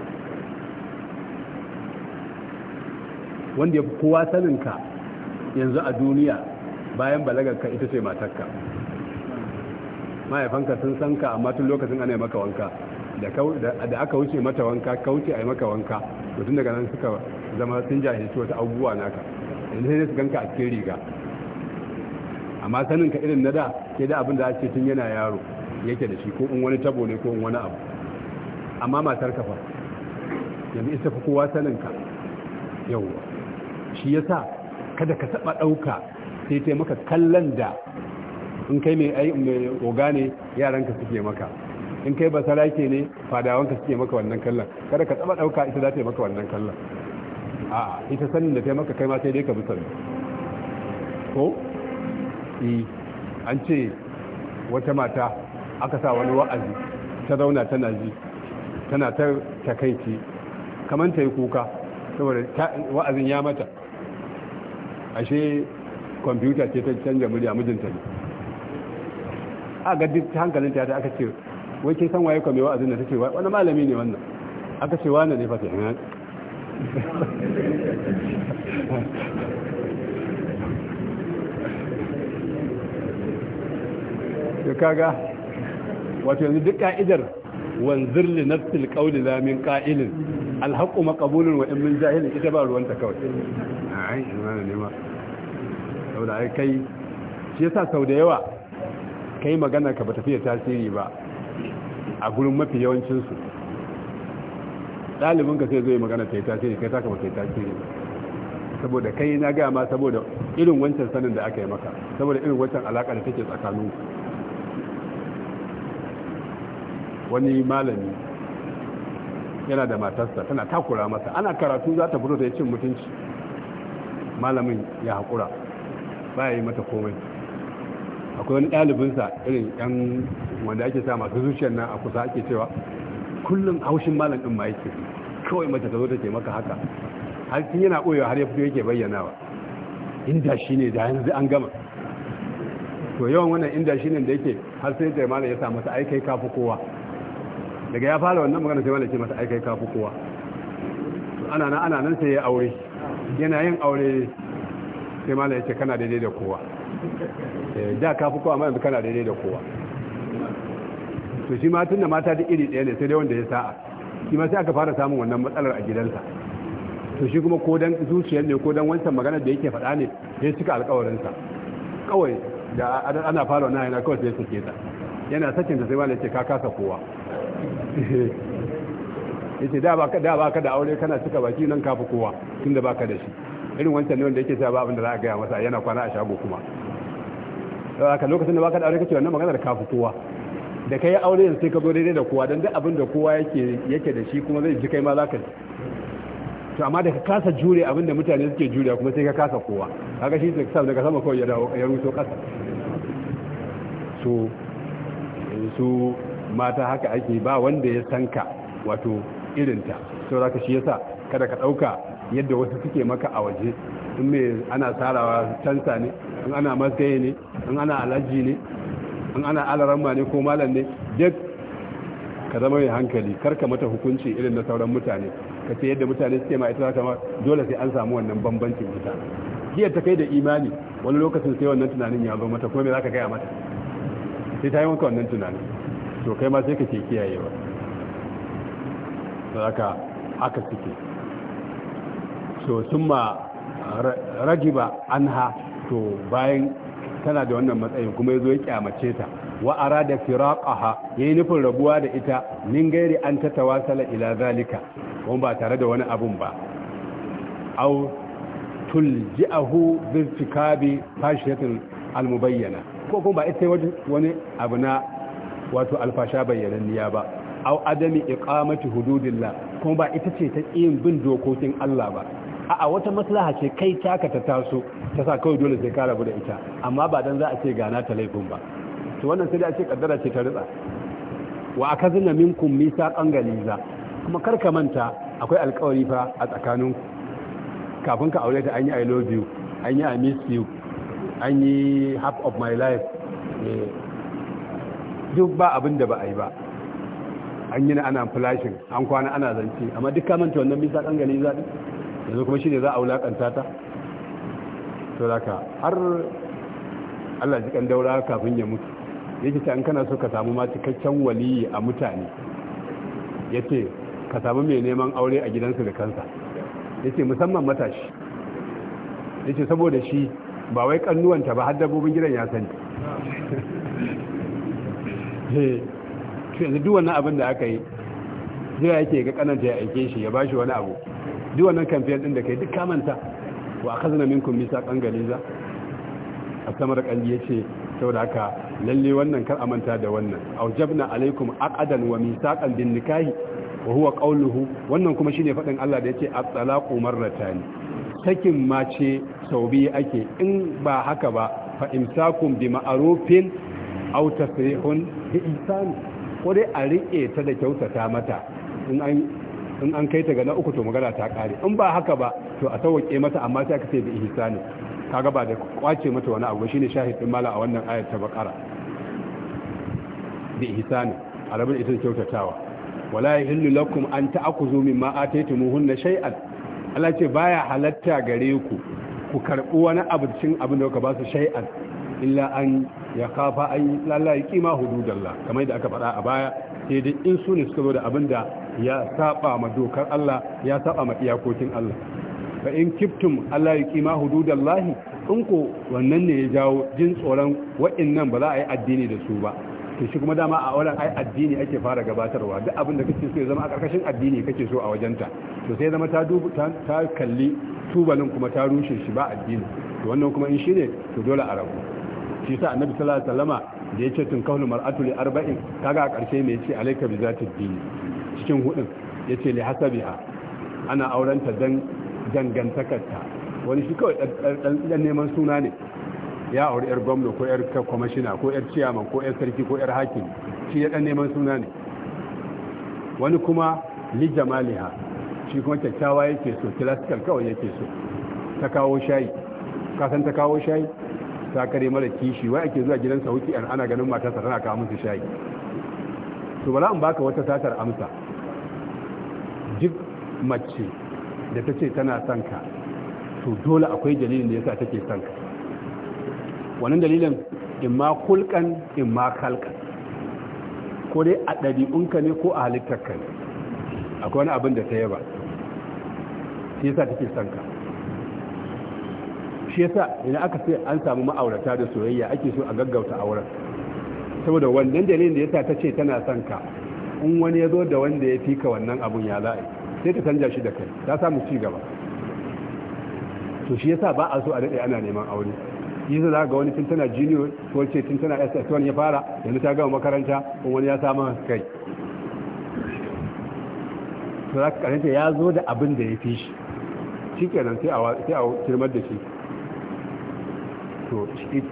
wanda ya fi kowa ka yanzu a duniya bayan balagarka ita ce matarka mahaifanka sun san ka amma tun lokacin ana maka wanka da aka wuce mata wanka ka wuce a maka wanka to tun daga nan suka zama sun jahilci wata abubuwa naka yanzu sai su ganka a cikin riga amma sanin ka irin na da ke da abin da ake tun yana yaro yake da shi ko in wani tabo ne ko in wani abu amma matar ka yanzu ita fi kowa sanin ka yawwa shi yasa kada ka taba ɗauka sai taimaka kallon da in kai mai oga ne yaranka suke maka in kai ba sarake ne fadawanka suke maka wannan kallon kada ka taba dauka ita za ta yi maka wannan kallon a ita sanin da ta yi maka kai ma sai dai ka bi sanin ko yi e, an ce wata mata aka sa wani wa'azi ta zauna tana ji tana ta takaici kamar ta yi kuka saboda wa'azin ya mata ashe kwamfuta ce ta canja murya mijinta ne a ga duk hankalin ta aka ce wai ke san waye ka mai wa'azin da take wani malami ne wannan aka ce wani ne fata yana to kaga wato yanzu duk ka'idar wanzir li nafsil qawli la min qa'ilin alhaqu maqbulun wa in min jahilin ita ba ruwanta kawai ai ina ne ma saboda ai kai shi yasa sau da yawa kai magana ka ba tafiya tasiri ba a gurin mafi yawancinsu ɗalibin ka sai zai magana ta yi tasiri kai taka ba ta yi tasiri saboda kai na gaya ma saboda irin wancan sanin da aka yi maka saboda irin wancan alaƙa da take tsakanin wani malami yana da matarsa tana takura masa ana karatu za ta fito ta yi cin mutunci malamin ya haƙura ba ya yi mata komai akwai wani ɗalibinsa irin yan wanda ake sa masu zuciyar nan a kusa ake cewa kullum haushin malam ɗin ma yake kawai mace ta zo ta ce maka haka har sun yana ɓoyewa har ya fito yake bayyanawa inda shi ne da yanzu an gama to yawan wannan inda shi ne da yake har sai da malam ya sa masa aikai kafi kowa daga ya fara wannan magana sai malam ya ce masa aikai kafi kowa ana nan ana nan sai ya aure yana yin aure sai malam ya ce kana daidai da kowa Eh, da ka fi kowa ma yanzu kana daidai da kowa to shi ma tun da mata da iri ɗaya ne sai dai wanda ya sa'a shi ma sai aka fara samun wannan matsalar a gidansa to shi kuma ko dan zuciyar ne ko dan wancan maganar da yake faɗa ne sai cika alƙawarinsa kawai da ana fara wannan yana kawai sai suke ta yana sakin da sai ma yace ka kasa kowa yace da baka da baka da aure kana cika baki nan kafi kowa tunda baka da shi irin wancan ne wanda yake sa ba abin da za a gaya masa yana kwana a shago kuma da lokacin da baka da aure kake wannan maganar ka kowa da kai aure yanzu sai ka zo daidai da kowa dan duk abin da kowa yake yake da shi kuma zai ji kai ma zaka ji to amma da ka kasa jure abin da mutane suke jure kuma sai ka kasa kowa kaga shi sai sa daga sama kawai ya dawo ya ruso kasa so su mata haka ake ba wanda ya sanka wato irinta saboda ka shi yasa kada ka dauka yadda wasu suke maka a waje in me ana tarawa canta ne in ana matsayi ne in ana alaji ne in ana alaramma ne ko malam ne duk ka zama mai hankali karka mata hukunci irin na sauran mutane ka ce yadda mutane suke ma ita zaka dole sai an samu wannan bambancin mutane jiya ta kai da imani wani lokacin sai wannan tunanin ya zo mata kuma me zaka gaya mata sai ta yi wanka wannan tunanin to kai ma sai ka ke kiyayewa haka haka suke to summa ragiba anha to bayan tana da wannan matsayin kuma ya zo ya kyamace ta wa da firaqaha yayi nufin rabuwa da ita min gairi an tawasala ila zalika kuma ba tare da wani abun ba au tulji'ahu bil fikabi fashiyatin almubayyana ko kuma ba ita wani abu na wato alfasha bayyananniya ba au adami iqamati hududillah kuma ba ita ce ta yin bin dokokin Allah ba a'a wata maslaha ce kai taka ta taso ta sa kawai dole sai ka rabu da ita amma ba dan za a ce gana ta laifin ba to wannan sai da ce kaddara ce ta ritsa wa akazna minkum misaqan galiza kuma kar ka manta akwai alƙawari fa a tsakanin kafin ka aure ta an yi i love you an yi i miss you an yi half of my life eh, duk ba abin da ba a yi ba an yi na ana flashing an kwana ana zance amma duk kamanta wannan bisa kan yanzu kuma shi ne za a wulaƙanta ta to har Allah ji kan daura kafin ya mutu yake ta an kana so ka samu ma cikakken waliyi a mutane yace ka samu mai neman aure a gidansu da kansa yace musamman matashi yace saboda shi ba wai kannuwanta ba har dabbobin gidan ya sani eh, yanzu duk wannan abin da aka yi sai yake ga kananta ya aike shi ya bashi wani abu duk wannan kamfen din da kai duk kamanta wa akhazna minkum misaqan galiza asamar ce yace saboda haka lalle wannan kar amanta da wannan aujabna alaikum aqadan wa misaqan bin nikahi wa huwa qawluhu wannan kuma shine fadin Allah da yace at-talaqu marratan sakin mace sau biyu ake in ba haka ba fa imsakun bi ma'rufin aw tasrihun bi ihsan ko dai a rike ta da kyautata mata in an in an kai ta ga na uku to magana ta kare in ba haka ba to a sauke mata amma sai aka ce bi ihsani kaga ba da kwace mata wani abu shine din mala a wannan ayat ta bakara bi ihsani arabin ita kyautatawa wala yahillu lakum an ta'khudhu mimma ataytumuhunna shay'an Allah ce baya halatta gare ku ku karbi wani abu cikin abin da kuka ba su shay'an illa an ya kafa an lalla kima hududallah kamar da aka faɗa a baya sai dai in su suka zo da abin da ya saba ma dokar Allah ya saba ma iyakokin Allah fa in kiftum Allah ya kima hududallahi in ko wannan ne ya jawo jin tsoron wa'annan ba za a yi addini da su ba to shi kuma dama a wurin ai addini ake fara gabatarwa duk abin da kake so ya zama a karkashin addini kake so a wajenta to sai zama ta dubu ta kalli tubalin kuma ta rushe shi ba addini to wannan kuma in shine to dole a rabu shi sa annabi sallallahu alaihi wasallama da ya ce tun kawo mar'atu li arba'in kaga a ƙarshe ne ya ce alaika bi za ta dini cikin hudun ya ce li hasabiha ana aurenta dan dangantakarta wani shi kawai dan neman suna ne ya auri yar gwamna ko yar kwamashina ko yar ciyaman ko yar sarki ko yar hakim shi ya dan neman suna ne wani kuma li jamaliha shi kuma kyakkyawa yake so classical kawai yake so ta kawo shayi kasan ta kawo shayi ta mara kishi wai ake zuwa gidan sauki an ana ganin matarsa tana kawo musu shayi to bala in baka wata satar amsa duk mace da ta ce tana son ka to dole akwai dalilin da yasa take son ka wannan dalilin in ma kulkan in ma kalkan ko dai a ɗabi'unka ne ko a halittarka ne akwai wani abin da ta yaba shi yasa take son shi yasa idan aka sai an samu ma'aurata da soyayya ake so a gaggauta auren saboda wannan dalilin da yasa ta ce tana son ka in wani ya zo da wanda ya fika wannan abun ya za'a sai ta canja shi da kai ta samu ci gaba to shi yasa ba a so a daɗe ana neman aure yanzu za ga wani tun tana junior ko ce tun tana ss1 ya fara yanzu ta gama makaranta in wani ya samu kai to za ka karanta ya zo da abin da ya fi shi shi kenan sai a kirmar da shi to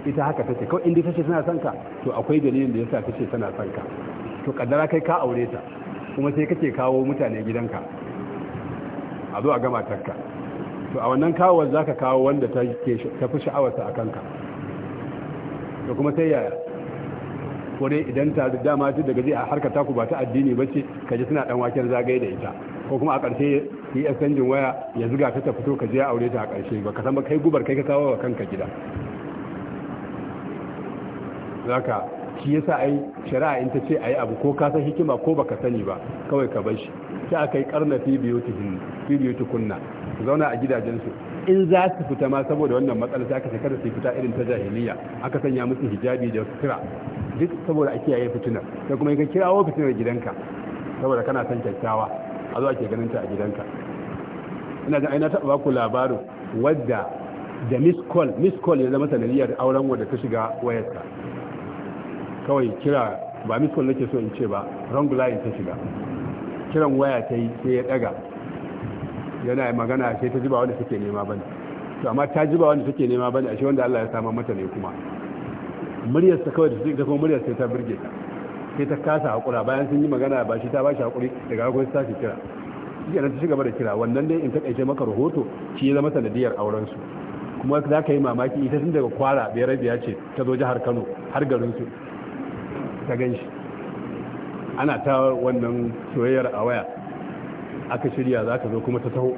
ita haka take kawai inda kace tana son ka to akwai dalilin da yasa kace tana son ka to kaddara kai ka aure ta kuma sai kake kawo mutane gidanka a zo a gama takka to a wannan kawo zaka kawo wanda ta ke fi sha'awarsa a kanka to kuma sai yaya kore idan ta dama ta daga zai a harka taku ba ta addini ba ce kaje tana dan waken zagaye da ita ko kuma a ƙarshe yi a canjin waya ya zuga ta ta fito ka je aure ta a ƙarshe ba ka san ba kai gubar kai ka kawo wa kanka gida zaka shi yasa ai shari'a in ta ce ayi abu ko ka san hikima ko baka sani ba kawai ka bar shi sai aka yi karna fi biyutihin fi su zauna a gidajen su in za su fita ma saboda wannan matsala sai aka shekara su fita irin ta jahiliya aka sanya musu hijabi da sutura duk saboda a kiyaye fitina sai kuma ka kirawo fitinar gidanka saboda kana san kyakkyawa a zo ake ganin ta a gidanka ina ga aina taɓa ku labarin wadda da miss call miss call ya zama sanadiyar auren wadda ta shiga wayarka kawai kira ba miskon nake so in ce ba wrong layin ta shiga kiran waya ta yi sai ya daga yana magana sai ta jiba wanda take nema bane to amma ta jiba wanda take nema bane ashe wanda Allah ya samu mata ne kuma muryar sa kawai da kuma muryar sai ta burge ta sai ta kasa hakura bayan sun yi magana ba shi ta ba shi hakuri daga kuma ta shi kira shi ta shiga da kira wannan dai in ta kaice maka rahoto shi ya zama sanadiyar auren su kuma za ka yi mamaki ita tun daga kwara biyar biya ce ta zo jihar Kano har garin su ta gan shi ana ta wannan soyayyar a waya aka shirya za ta zo kuma ta taho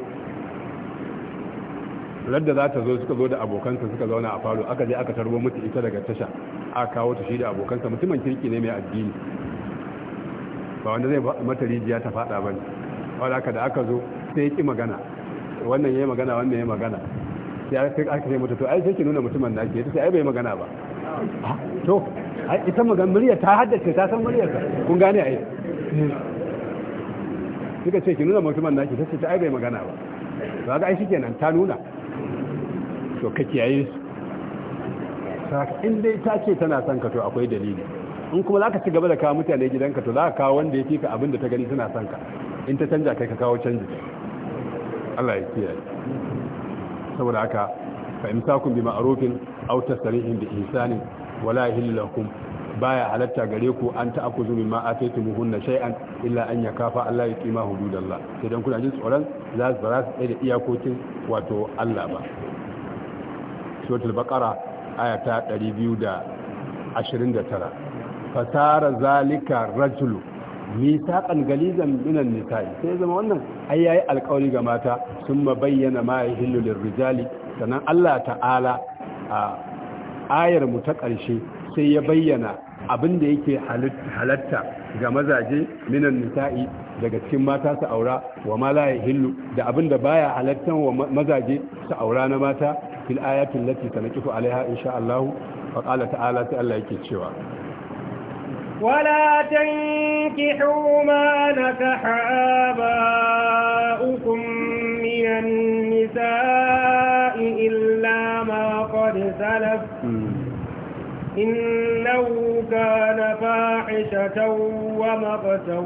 radda za ta zo suka zo da abokansa suka zauna a falo aka je aka tarbo mutu ita daga tasha a kawo ta shi da abokansa mutumin kirki ne mai addini ba wanda zai mata rijiya ta fada ba ne wadda aka da aka zo sai ya ki magana wannan ya yi magana wannan ya yi magana sai aka sai mutu to ai sai ki nuna mutumin da ake ta sai ai bai magana ba Ah, to ita magan murya ta haddace ta san muryar ka kun gane ai suka ce ki nuna mutumin naki ta ce ta ai magana ba ba ga ai kenan ta nuna to ka kiyaye su in dai ta ce tana son ka to akwai dalili in kuma zaka ci gaba da kawo mutane gidanka to za ka kawo wanda ya fi ka abinda ta gani suna son ka in ta canja kai ka kawo canji Allah ya kiyaye saboda haka fa imsakun bi ma'rufin auta, tasrihin bi ihsanin wala yahillakum baya halatta gare ku an ta'akuzu mimma muhunna shay'an illa an yakafa Allah ya kima hududallah sai dan kuna jin tsoron za su ba su da iyakokin wato Allah ba suratul baqara aya ta 229 fasara zalika rajulu misaqan galizan minan nisa'i sai zama wannan ai yayi alƙawari ga mata summa bayyana ma yahillu lirrijali sannan Allah ta'ala a ayar mu ta ƙarshe sai ya bayyana abin da yake halatta ga mazaje minan nisa'i daga cikin mata su aura wa ma la da abin da baya halatta wa mazaje su aura na mata fil ayatin lati sanakifu alaiha insha Allah fa qala ta'ala ta Allah yake cewa ولا تنكحوا ما نكح آباؤكم قد سلف إنه كان فاحشة ومقتا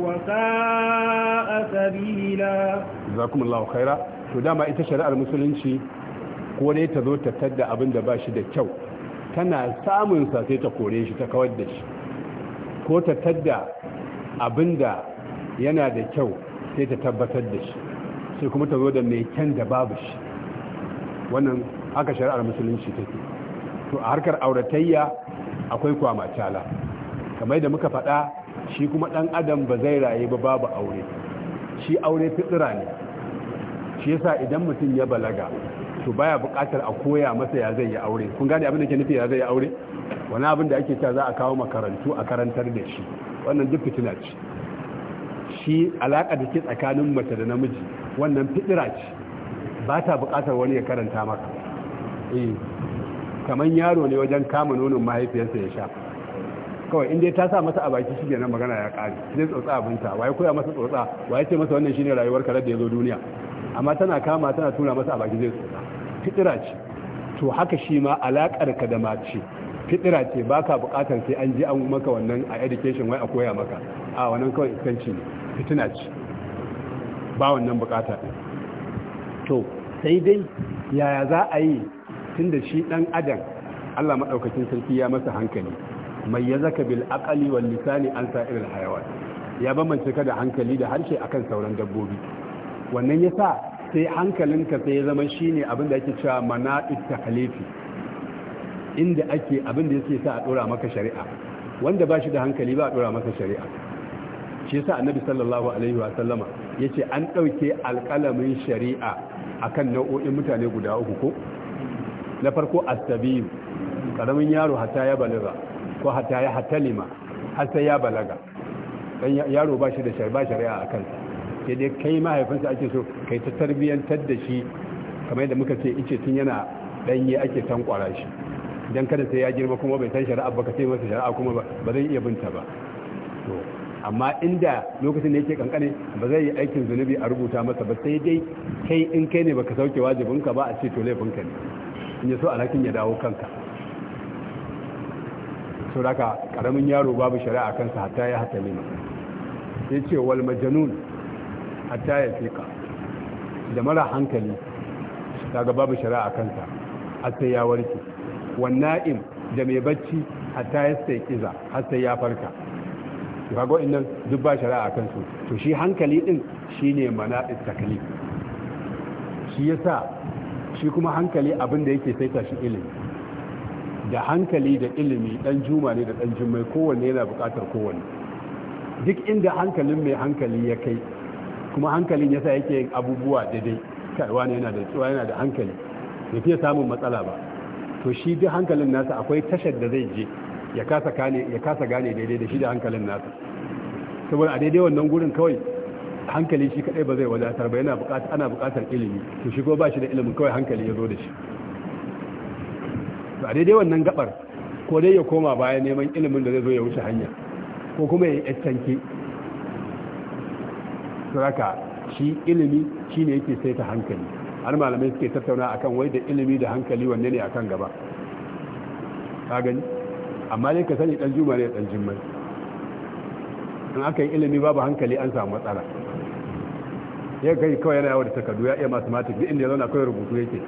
وساء سبيلا جزاكم الله خيرا to dama ita shari'ar musulunci ko dai ta zo ta tadda abin da ba shi da kyau tana samun sa sai ta kore shi ta kawar da shi ko ta tadda abin da yana da kyau sai ta tabbatar da shi sai kuma ta zo da mai kyan da babu shi wannan haka shari'ar musulunci take to a harkar auratayya akwai kwamacala kamar da muka faɗa shi kuma ɗan adam ba zai raye ba babu aure shi aure fitira ne shi yasa idan mutum ya balaga to baya buƙatar a koya masa ya zai yi aure kun gane abin da ke nufi ya zai yi aure wani abin da ake cewa za a kawo makarantu a karantar da shi wannan duk fitina ce shi alaƙa da ke tsakanin mace da namiji wannan fitira ce ba ta buƙatar wani ya karanta maka Eh, kamar yaro ne wajen kama nonon mahaifiyarsa ya sha kawai inda ta sa masa a baki shi nan magana ya kare zai tsotsa abinta waye koya masa tsotsa waye ce masa wannan shine rayuwar karar da ya zo duniya amma tana kama tana tura masa a baki zai tsotsa fitira ce to haka shi ma alakar ka da mace fitira ce baka bukatar sai an je an maka wannan a education wai a koya maka a wannan kawai iskanci ne fitina ce ba wannan bukata to sai dai yaya za a yi Tun da shi ɗan adam Allah maɗaukacin sarki ya masa hankali mai ya zaka bil aƙali wa lisani an hayawa, hayawar ya bambance ka da hankali da harshe akan sauran dabbobi wannan ya sa sai hankalinka sai ya zama shine abin da ake cewa ita takhlifi inda ake abin da yake sa a ɗora maka shari'a wanda ba shi da hankali ba a ɗora masa shari'a shi yasa annabi sallallahu alaihi wa sallama yace an ɗauke alƙalamin shari'a akan nau'o'in mutane guda uku ko na farko astabiyu karamin yaro Hata ya balaga ko Hata ya hatalima har sai ya balaga dan yaro ba shi da shari'a shari'a a kansa sai dai kai mahaifinsa ake so kai ta tarbiyyantar da shi kamar yadda muka ce ice tun yana danye ake kwara shi dan kada sai ya girma kuma bai san shari'a ba ka sai masa shari'a kuma ba zai iya binta ba to amma inda lokacin da yake kankane ba zai yi aikin zunubi a rubuta masa ba sai dai kai in kai ne baka sauke wajibinka ba a ce to laifinka ne ya so alhakin ya dawo kanka so ka karamin yaro babu shari'a kansa hatta ya hata ne ya ce wal majanun hatta ya fika da mara hankali daga babu shari'a kansa har ya warke wanna'im da mai bacci hatta ya sai kiza har sai ya farka kaga nan duk ba shari'a kansu to shi hankali din shine mana taklif shi yasa shi kuma hankali abin da yake saita shi ilimi da hankali da ilimi dan juma ne da dan jummai kowanne yana bukatar kowanne duk inda hankalin mai hankali ya kai kuma hankalin yasa yake yin abubuwa daidai kai ne yana da tsuwa yana da hankali da fiye samun matsala ba to shi duk hankalin nasa akwai tashar da zai je ya kasa gane daidai da shi da hankalin nasa saboda a daidai wannan gurin kawai hankali shi kadai ba zai wadatar ba yana buƙatar ana buƙatar ilimi to shigo ba shi da ilimin kawai hankali ya zo da shi to a daidai wannan gabar ko dai ya koma baya neman ilimin da zai zo ya wuce hanya ko kuma ya yi tanke suraka shi ilimi shi ne yake sai ta hankali har malamai suke tattauna akan wai da ilimi da hankali wanne ne akan gaba ka gani amma dai ka sani dan juma ne dan jimmai in aka yi ilimi babu hankali an samu matsala ya kai kawai yana yawon da takardu ya iya mathematics duk inda ya zauna kawai rubutu yake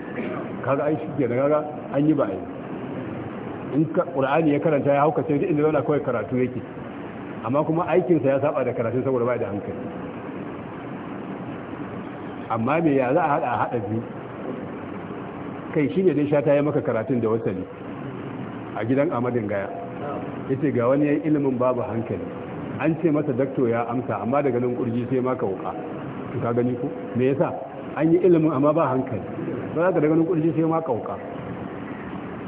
kaga ai shike da kaga an yi ba ai in qur'ani ya karanta ya hauka sai duk inda zauna kawai karatu yake amma kuma aikinsa ya saba da karatu saboda ba da hankali amma me ya za a hada hada biyu kai ne dai sha ta yi maka karatun da wasali a gidan amadin gaya yace ga wani ya ilimin babu hankali an ce masa dakto ya amsa amma daga nan kurji sai maka wuka ka gani ko me yasa an yi ilimin amma ba hankali ba za ka daga nan kudi sai ma kauka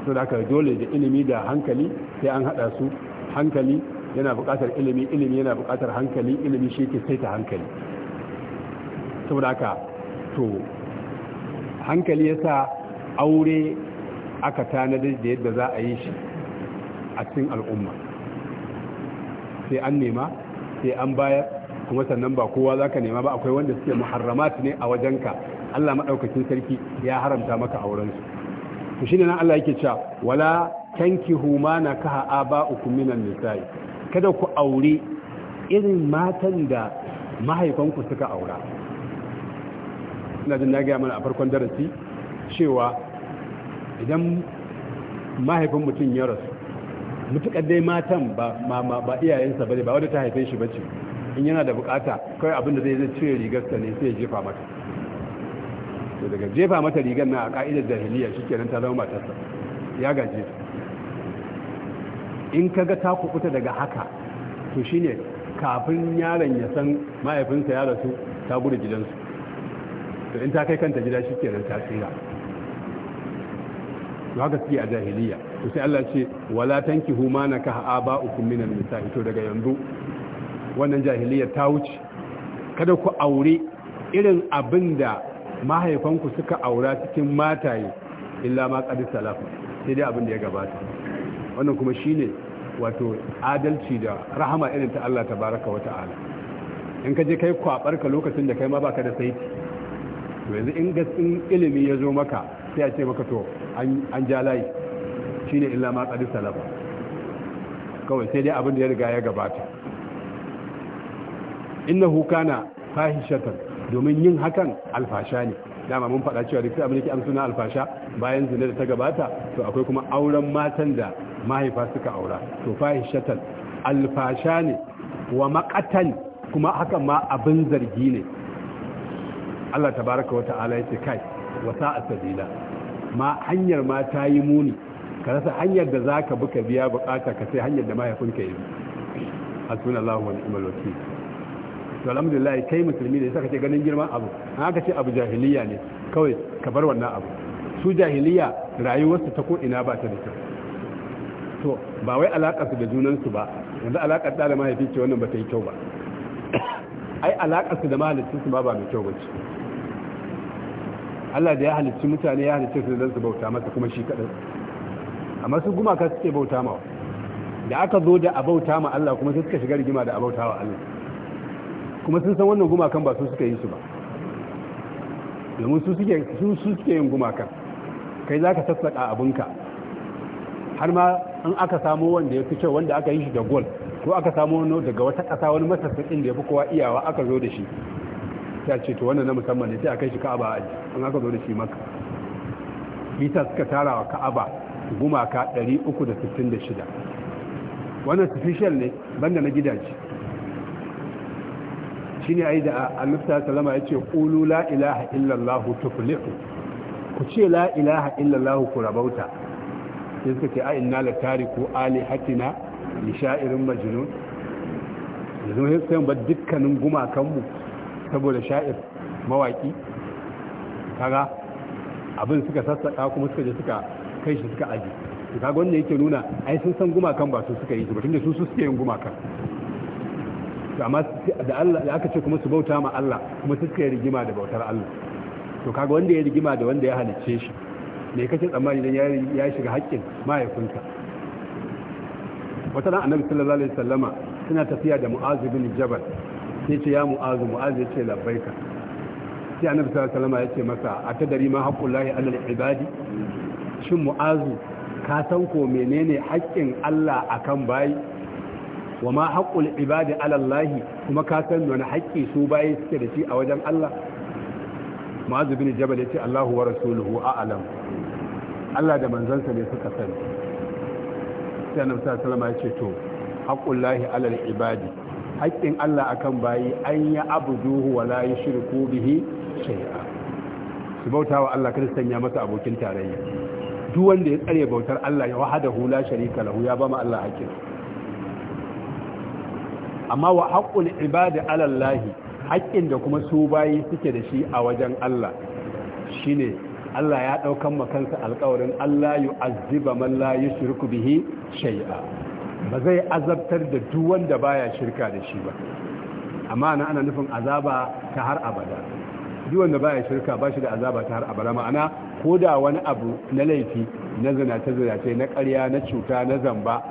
to da aka dole da ilimi da hankali sai an hada su hankali yana buƙatar ilimi ilimi yana buƙatar hankali ilimi shi ke saita hankali saboda ka to hankali yasa aure aka tanadar da yadda za a yi shi a cikin al'umma sai an nema sai an bayar kuma sannan ba kowa za ka nema ba akwai wanda suke muharramat ne a wajenka Allah maɗaukacin sarki ya haramta maka aurensu to ne nan Allah yake cewa wala tankihu ma ba aba'ukum minan nisa'i kada ku aure irin matan da mahaifanku suka aura ina jin nagaya mana a farkon darasi cewa idan mahaifin mutum ya rasu mutukar dai matan ba iyayensa ba ne ba wadda ta haife shi ba ce in yana da bukata kawai abin da zai zai cire rigarsa ne sai jefa mata to daga jefa mata rigar na a ka'idar jahiliya shikenan ta zama matarsa ya gaje in kaga ta kubuta daga haka to shine kafin yaron ya san mahaifinsa ya rasu ta gudu gidansu to in ta kai kanta gida shikenan ta tsira to haka suke a jahiliya to sai Allah ce wala tankihu ma nakaha aba'ukum minan nisa to daga yanzu wannan jahiliyar ta wuce kada ku aure irin abin da mahaifanku suka aura cikin mataye illa ma qad salafa sai dai abin da ya gabata wannan kuma shine wato adalci da rahama irin ta Allah tabaraka wa ta'ala in ka je kai kwabar ka lokacin da kai ma baka da saiti to yanzu in gasin ilimi ya zo maka sai a ce maka to an ja layi shine illa ma qad salafa kawai sai dai abin da ya riga ya gabata innahu kana fahishatan domin yin hakan alfasha ne dama mun faɗa cewa duk abin da ke an suna alfasha bayan zina da ta gabata to akwai kuma auren matan da mahaifa suka aura to fahishatan alfasha ne wa maqatan kuma hakan ma abin zargi ne Allah tabaraka wata'ala yace kai wa sa'a ma hanyar ma ta yi muni ka rasa hanyar da zaka buka biya bukata ka sai hanyar da mahaifinka yi Allahu wa ni'mal wakeel to alhamdulillah kai musulmi ne saka ce ganin girman abu an aka ce abu jahiliya ne kawai ka bar wannan abu su jahiliya rayuwarsu ta ko ina ba ta da kyau to ba wai alakar su da junan su ba yanzu alakar da mahaifi ce wannan ba ta yi kyau ba ai alakar su da mahalicin su ba ba mai kyau ba ce Allah da ya halicci mutane ya halicci su da su bauta masa kuma shi kadan amma su gumaka suke bauta mawa da aka zo da abauta ma Allah kuma sai suka shiga rigima da abautawa Allah kuma sun san wannan gumakan ba su suka yi su ba domin su suke yin gumakan kai za ka sassaƙa abinka har ma in aka samo wanda ya fi kyau wanda aka yi shi da gol ko aka samo wani daga wata ƙasa wani masassaƙin da ya fi kowa iyawa aka zo da shi ta ce to wannan na musamman ne sai aka shi ka'aba a aji an aka zo da shi maka bisa suka tara wa ka'aba gumaka 366 wannan sufficial ne banda na gidaje shi ne a da annabta salama ya ce ƙulu la ilaha illallahu tuflihu ku ce la ilaha illallahu ku rabauta sai suka ce a inna la tariku ali hatina li sha'irin majnun yanzu sai sai ba dukkanin gumakanmu saboda sha'ir mawaki kaga abin suka sassaƙa kuma suka je suka kai shi suka aji kaga wannan yake nuna ai sun san gumakan ba su suka yi ba tunda su su suke yin gumakan to amma da Allah da aka ce kuma su bauta ma Allah kuma suka yi rigima da bautar Allah to kaga wanda ya rigima da wanda ya halicce shi me kake tsammani dan ya shiga haƙƙin mahaifinka wata ran annabi sallallahu alaihi wasallama suna tafiya da mu'az bin jabal sai ce ya mu'az mu'az ya ce labbaika sai annabi sallallahu alaihi wasallama ya ce masa atadari ma haqqullahi alal ibadi shin mu'az ka san ko menene haƙƙin Allah akan bayi wa ma haqqul ibadi ala kuma ka san wani haƙƙi su bayi suke da shi a wajen Allah Ma'azu bin Jabal ce Allahu wa rasuluhu a'lam Allah da manzansa ne suka sani sai Annabi sallallahu alaihi ya ce to haqqul lahi ala ibadi haƙƙin Allah akan bayi an ya abuduhu wa la yushriku bihi shay'a su bautawa Allah kada sanya masa abokin tarayya duk wanda ya tsare bautar Allah ya wahadahu la sharika lahu ya ba ma Allah haƙƙinsa amma wa haqqul ibada alallahi haƙƙin da kuma su bayi suke da shi a wajen Allah shi ne Allah ya ɗaukan makansa alƙawarin Allah yu'azziba man la shirku bihi shai'a. ba zai azabtar da duk wanda baya shirka da shi ba amma ana nufin azaba ta har abada duk baya shirka ba shi da azaba ta har abada ma'ana ko da wani abu na laifi na zinace zinace na ƙarya na cuta na zamba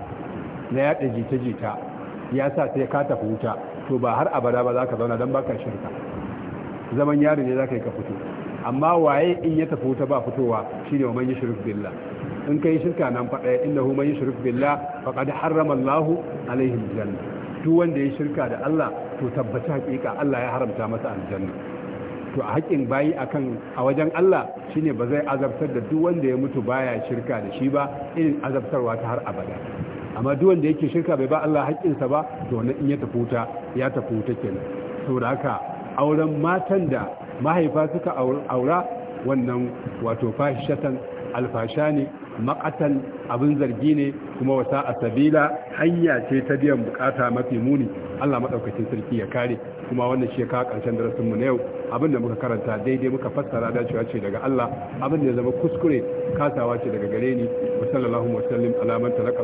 na yaɗa jita-jita ya sa sai ka tafi wuta to ba har abada ba za ka zauna don baka shirka zaman yari ne za ka yi ka fito amma waye in ya tafi wuta ba fitowa shine wa man yi shirk billa in yi shirka nan faɗa inda innahu man yi shirk faɗa da harrama Allah alaihim janna duk wanda ya shirka da Allah to tabbata haƙiƙa Allah ya haramta masa aljanna to a haƙin bayi akan a wajen Allah shine ba zai azabtar da duk wanda ya mutu baya shirka da shi ba irin azabtarwa ta har abada amma duk wanda yake shirka bai ba Allah haƙƙinsa ba to wannan in ya tafi wuta ya tafi wuta kenan da haka auren matan da mahaifa suka aura wannan wato fahishatan alfasha ne maƙatan abin zargi ne kuma wasa a sabila hanya ce ta biyan bukata mafi muni Allah maɗaukacin sarki ya kare kuma wannan shi ka ƙarshen darasinmu na yau abin da muka karanta daidai muka fassara dacewa ce daga Allah abin da ya zama kuskure kasawa ce daga gare ni wa sallallahu wa sallim ala man talaqa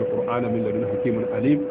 min ladun hakimin alim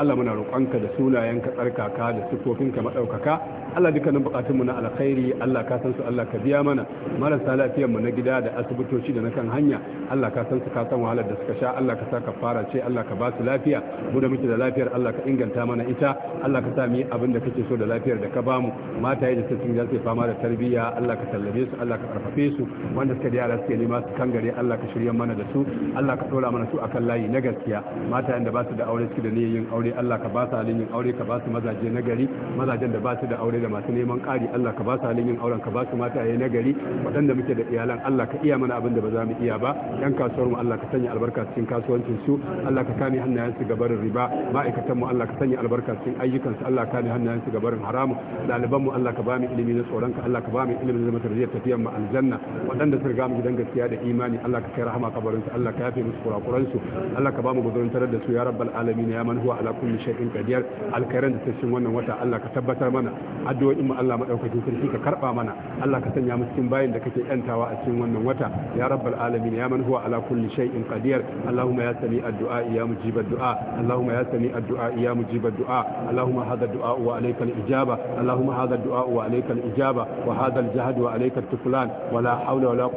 Allah muna roƙonka da sunayenka tsarkaka da sifofinka madaukaka Allah dukkanin bukatunmu na alkhairi Allah ka san su Allah ka biya mana marasa lafiyar mu na gida da asibitoci da na kan hanya Allah ka san su ka san wahalar da suka sha Allah ka sa ka fara ce Allah ka ba su lafiya mu da muke da lafiyar Allah ka inganta mana ita Allah ka sa mu abin da kake so da lafiyar da ka ba mu mataye da sun da suke fama da tarbiyya Allah ka tallabe su Allah ka karfafe su wanda suka da yara suke nema su kan gare Allah ka shirya mana da su Allah ka dora mana su akan layi na gaskiya matayen da ba su da aure suke da niyyar aure aure Allah ka ba su halin yin aure ka ba su mazaje na gari mazajen da ba su da aure da masu neman ƙari Allah ka ba su halin yin auren ka ba su mata yayi na gari waɗanda muke da iyalan Allah ka iya mana abin da ba za mu iya ba ɗan kasuwar mu Allah ka sanya albarka cikin kasuwancin su Allah ka kame hannayen su gabarin riba ma'aikatan mu Allah ka sanya albarka cikin ayyukan su Allah ka kame hannayen su gabarin haramu ɗaliban mu Allah ka ba mu ilimi na tsoron ka Allah ka ba mu ilimin zama tarbiyyar tafiyar mu aljanna waɗanda su riga mu gidan gaskiya da imani Allah ka kai rahama kabarin su Allah ka yafe musu kurakuran su Allah ka ba mu gudun tarar da su ya rabbal alamin ya man huwa ala kulli shay'in qadir alkaran da cikin wannan wata tabbatar mana addu'o'in mu Allah madaukakin sarki ka karba mana Allah ka sanya cikin bayin da kake yantawa a cikin wannan wata ya rabbal alamin ya man huwa ala kulli shay'in qadir addu'a ya mujib addu'a allahumma ya sami addu'a ya mujib addu'a allahumma hada addu'a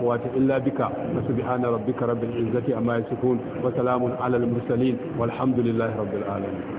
wa illa bika subhana rabbika rabbil izzati amma yasifun وسلام على المرسلين والحمد لله رب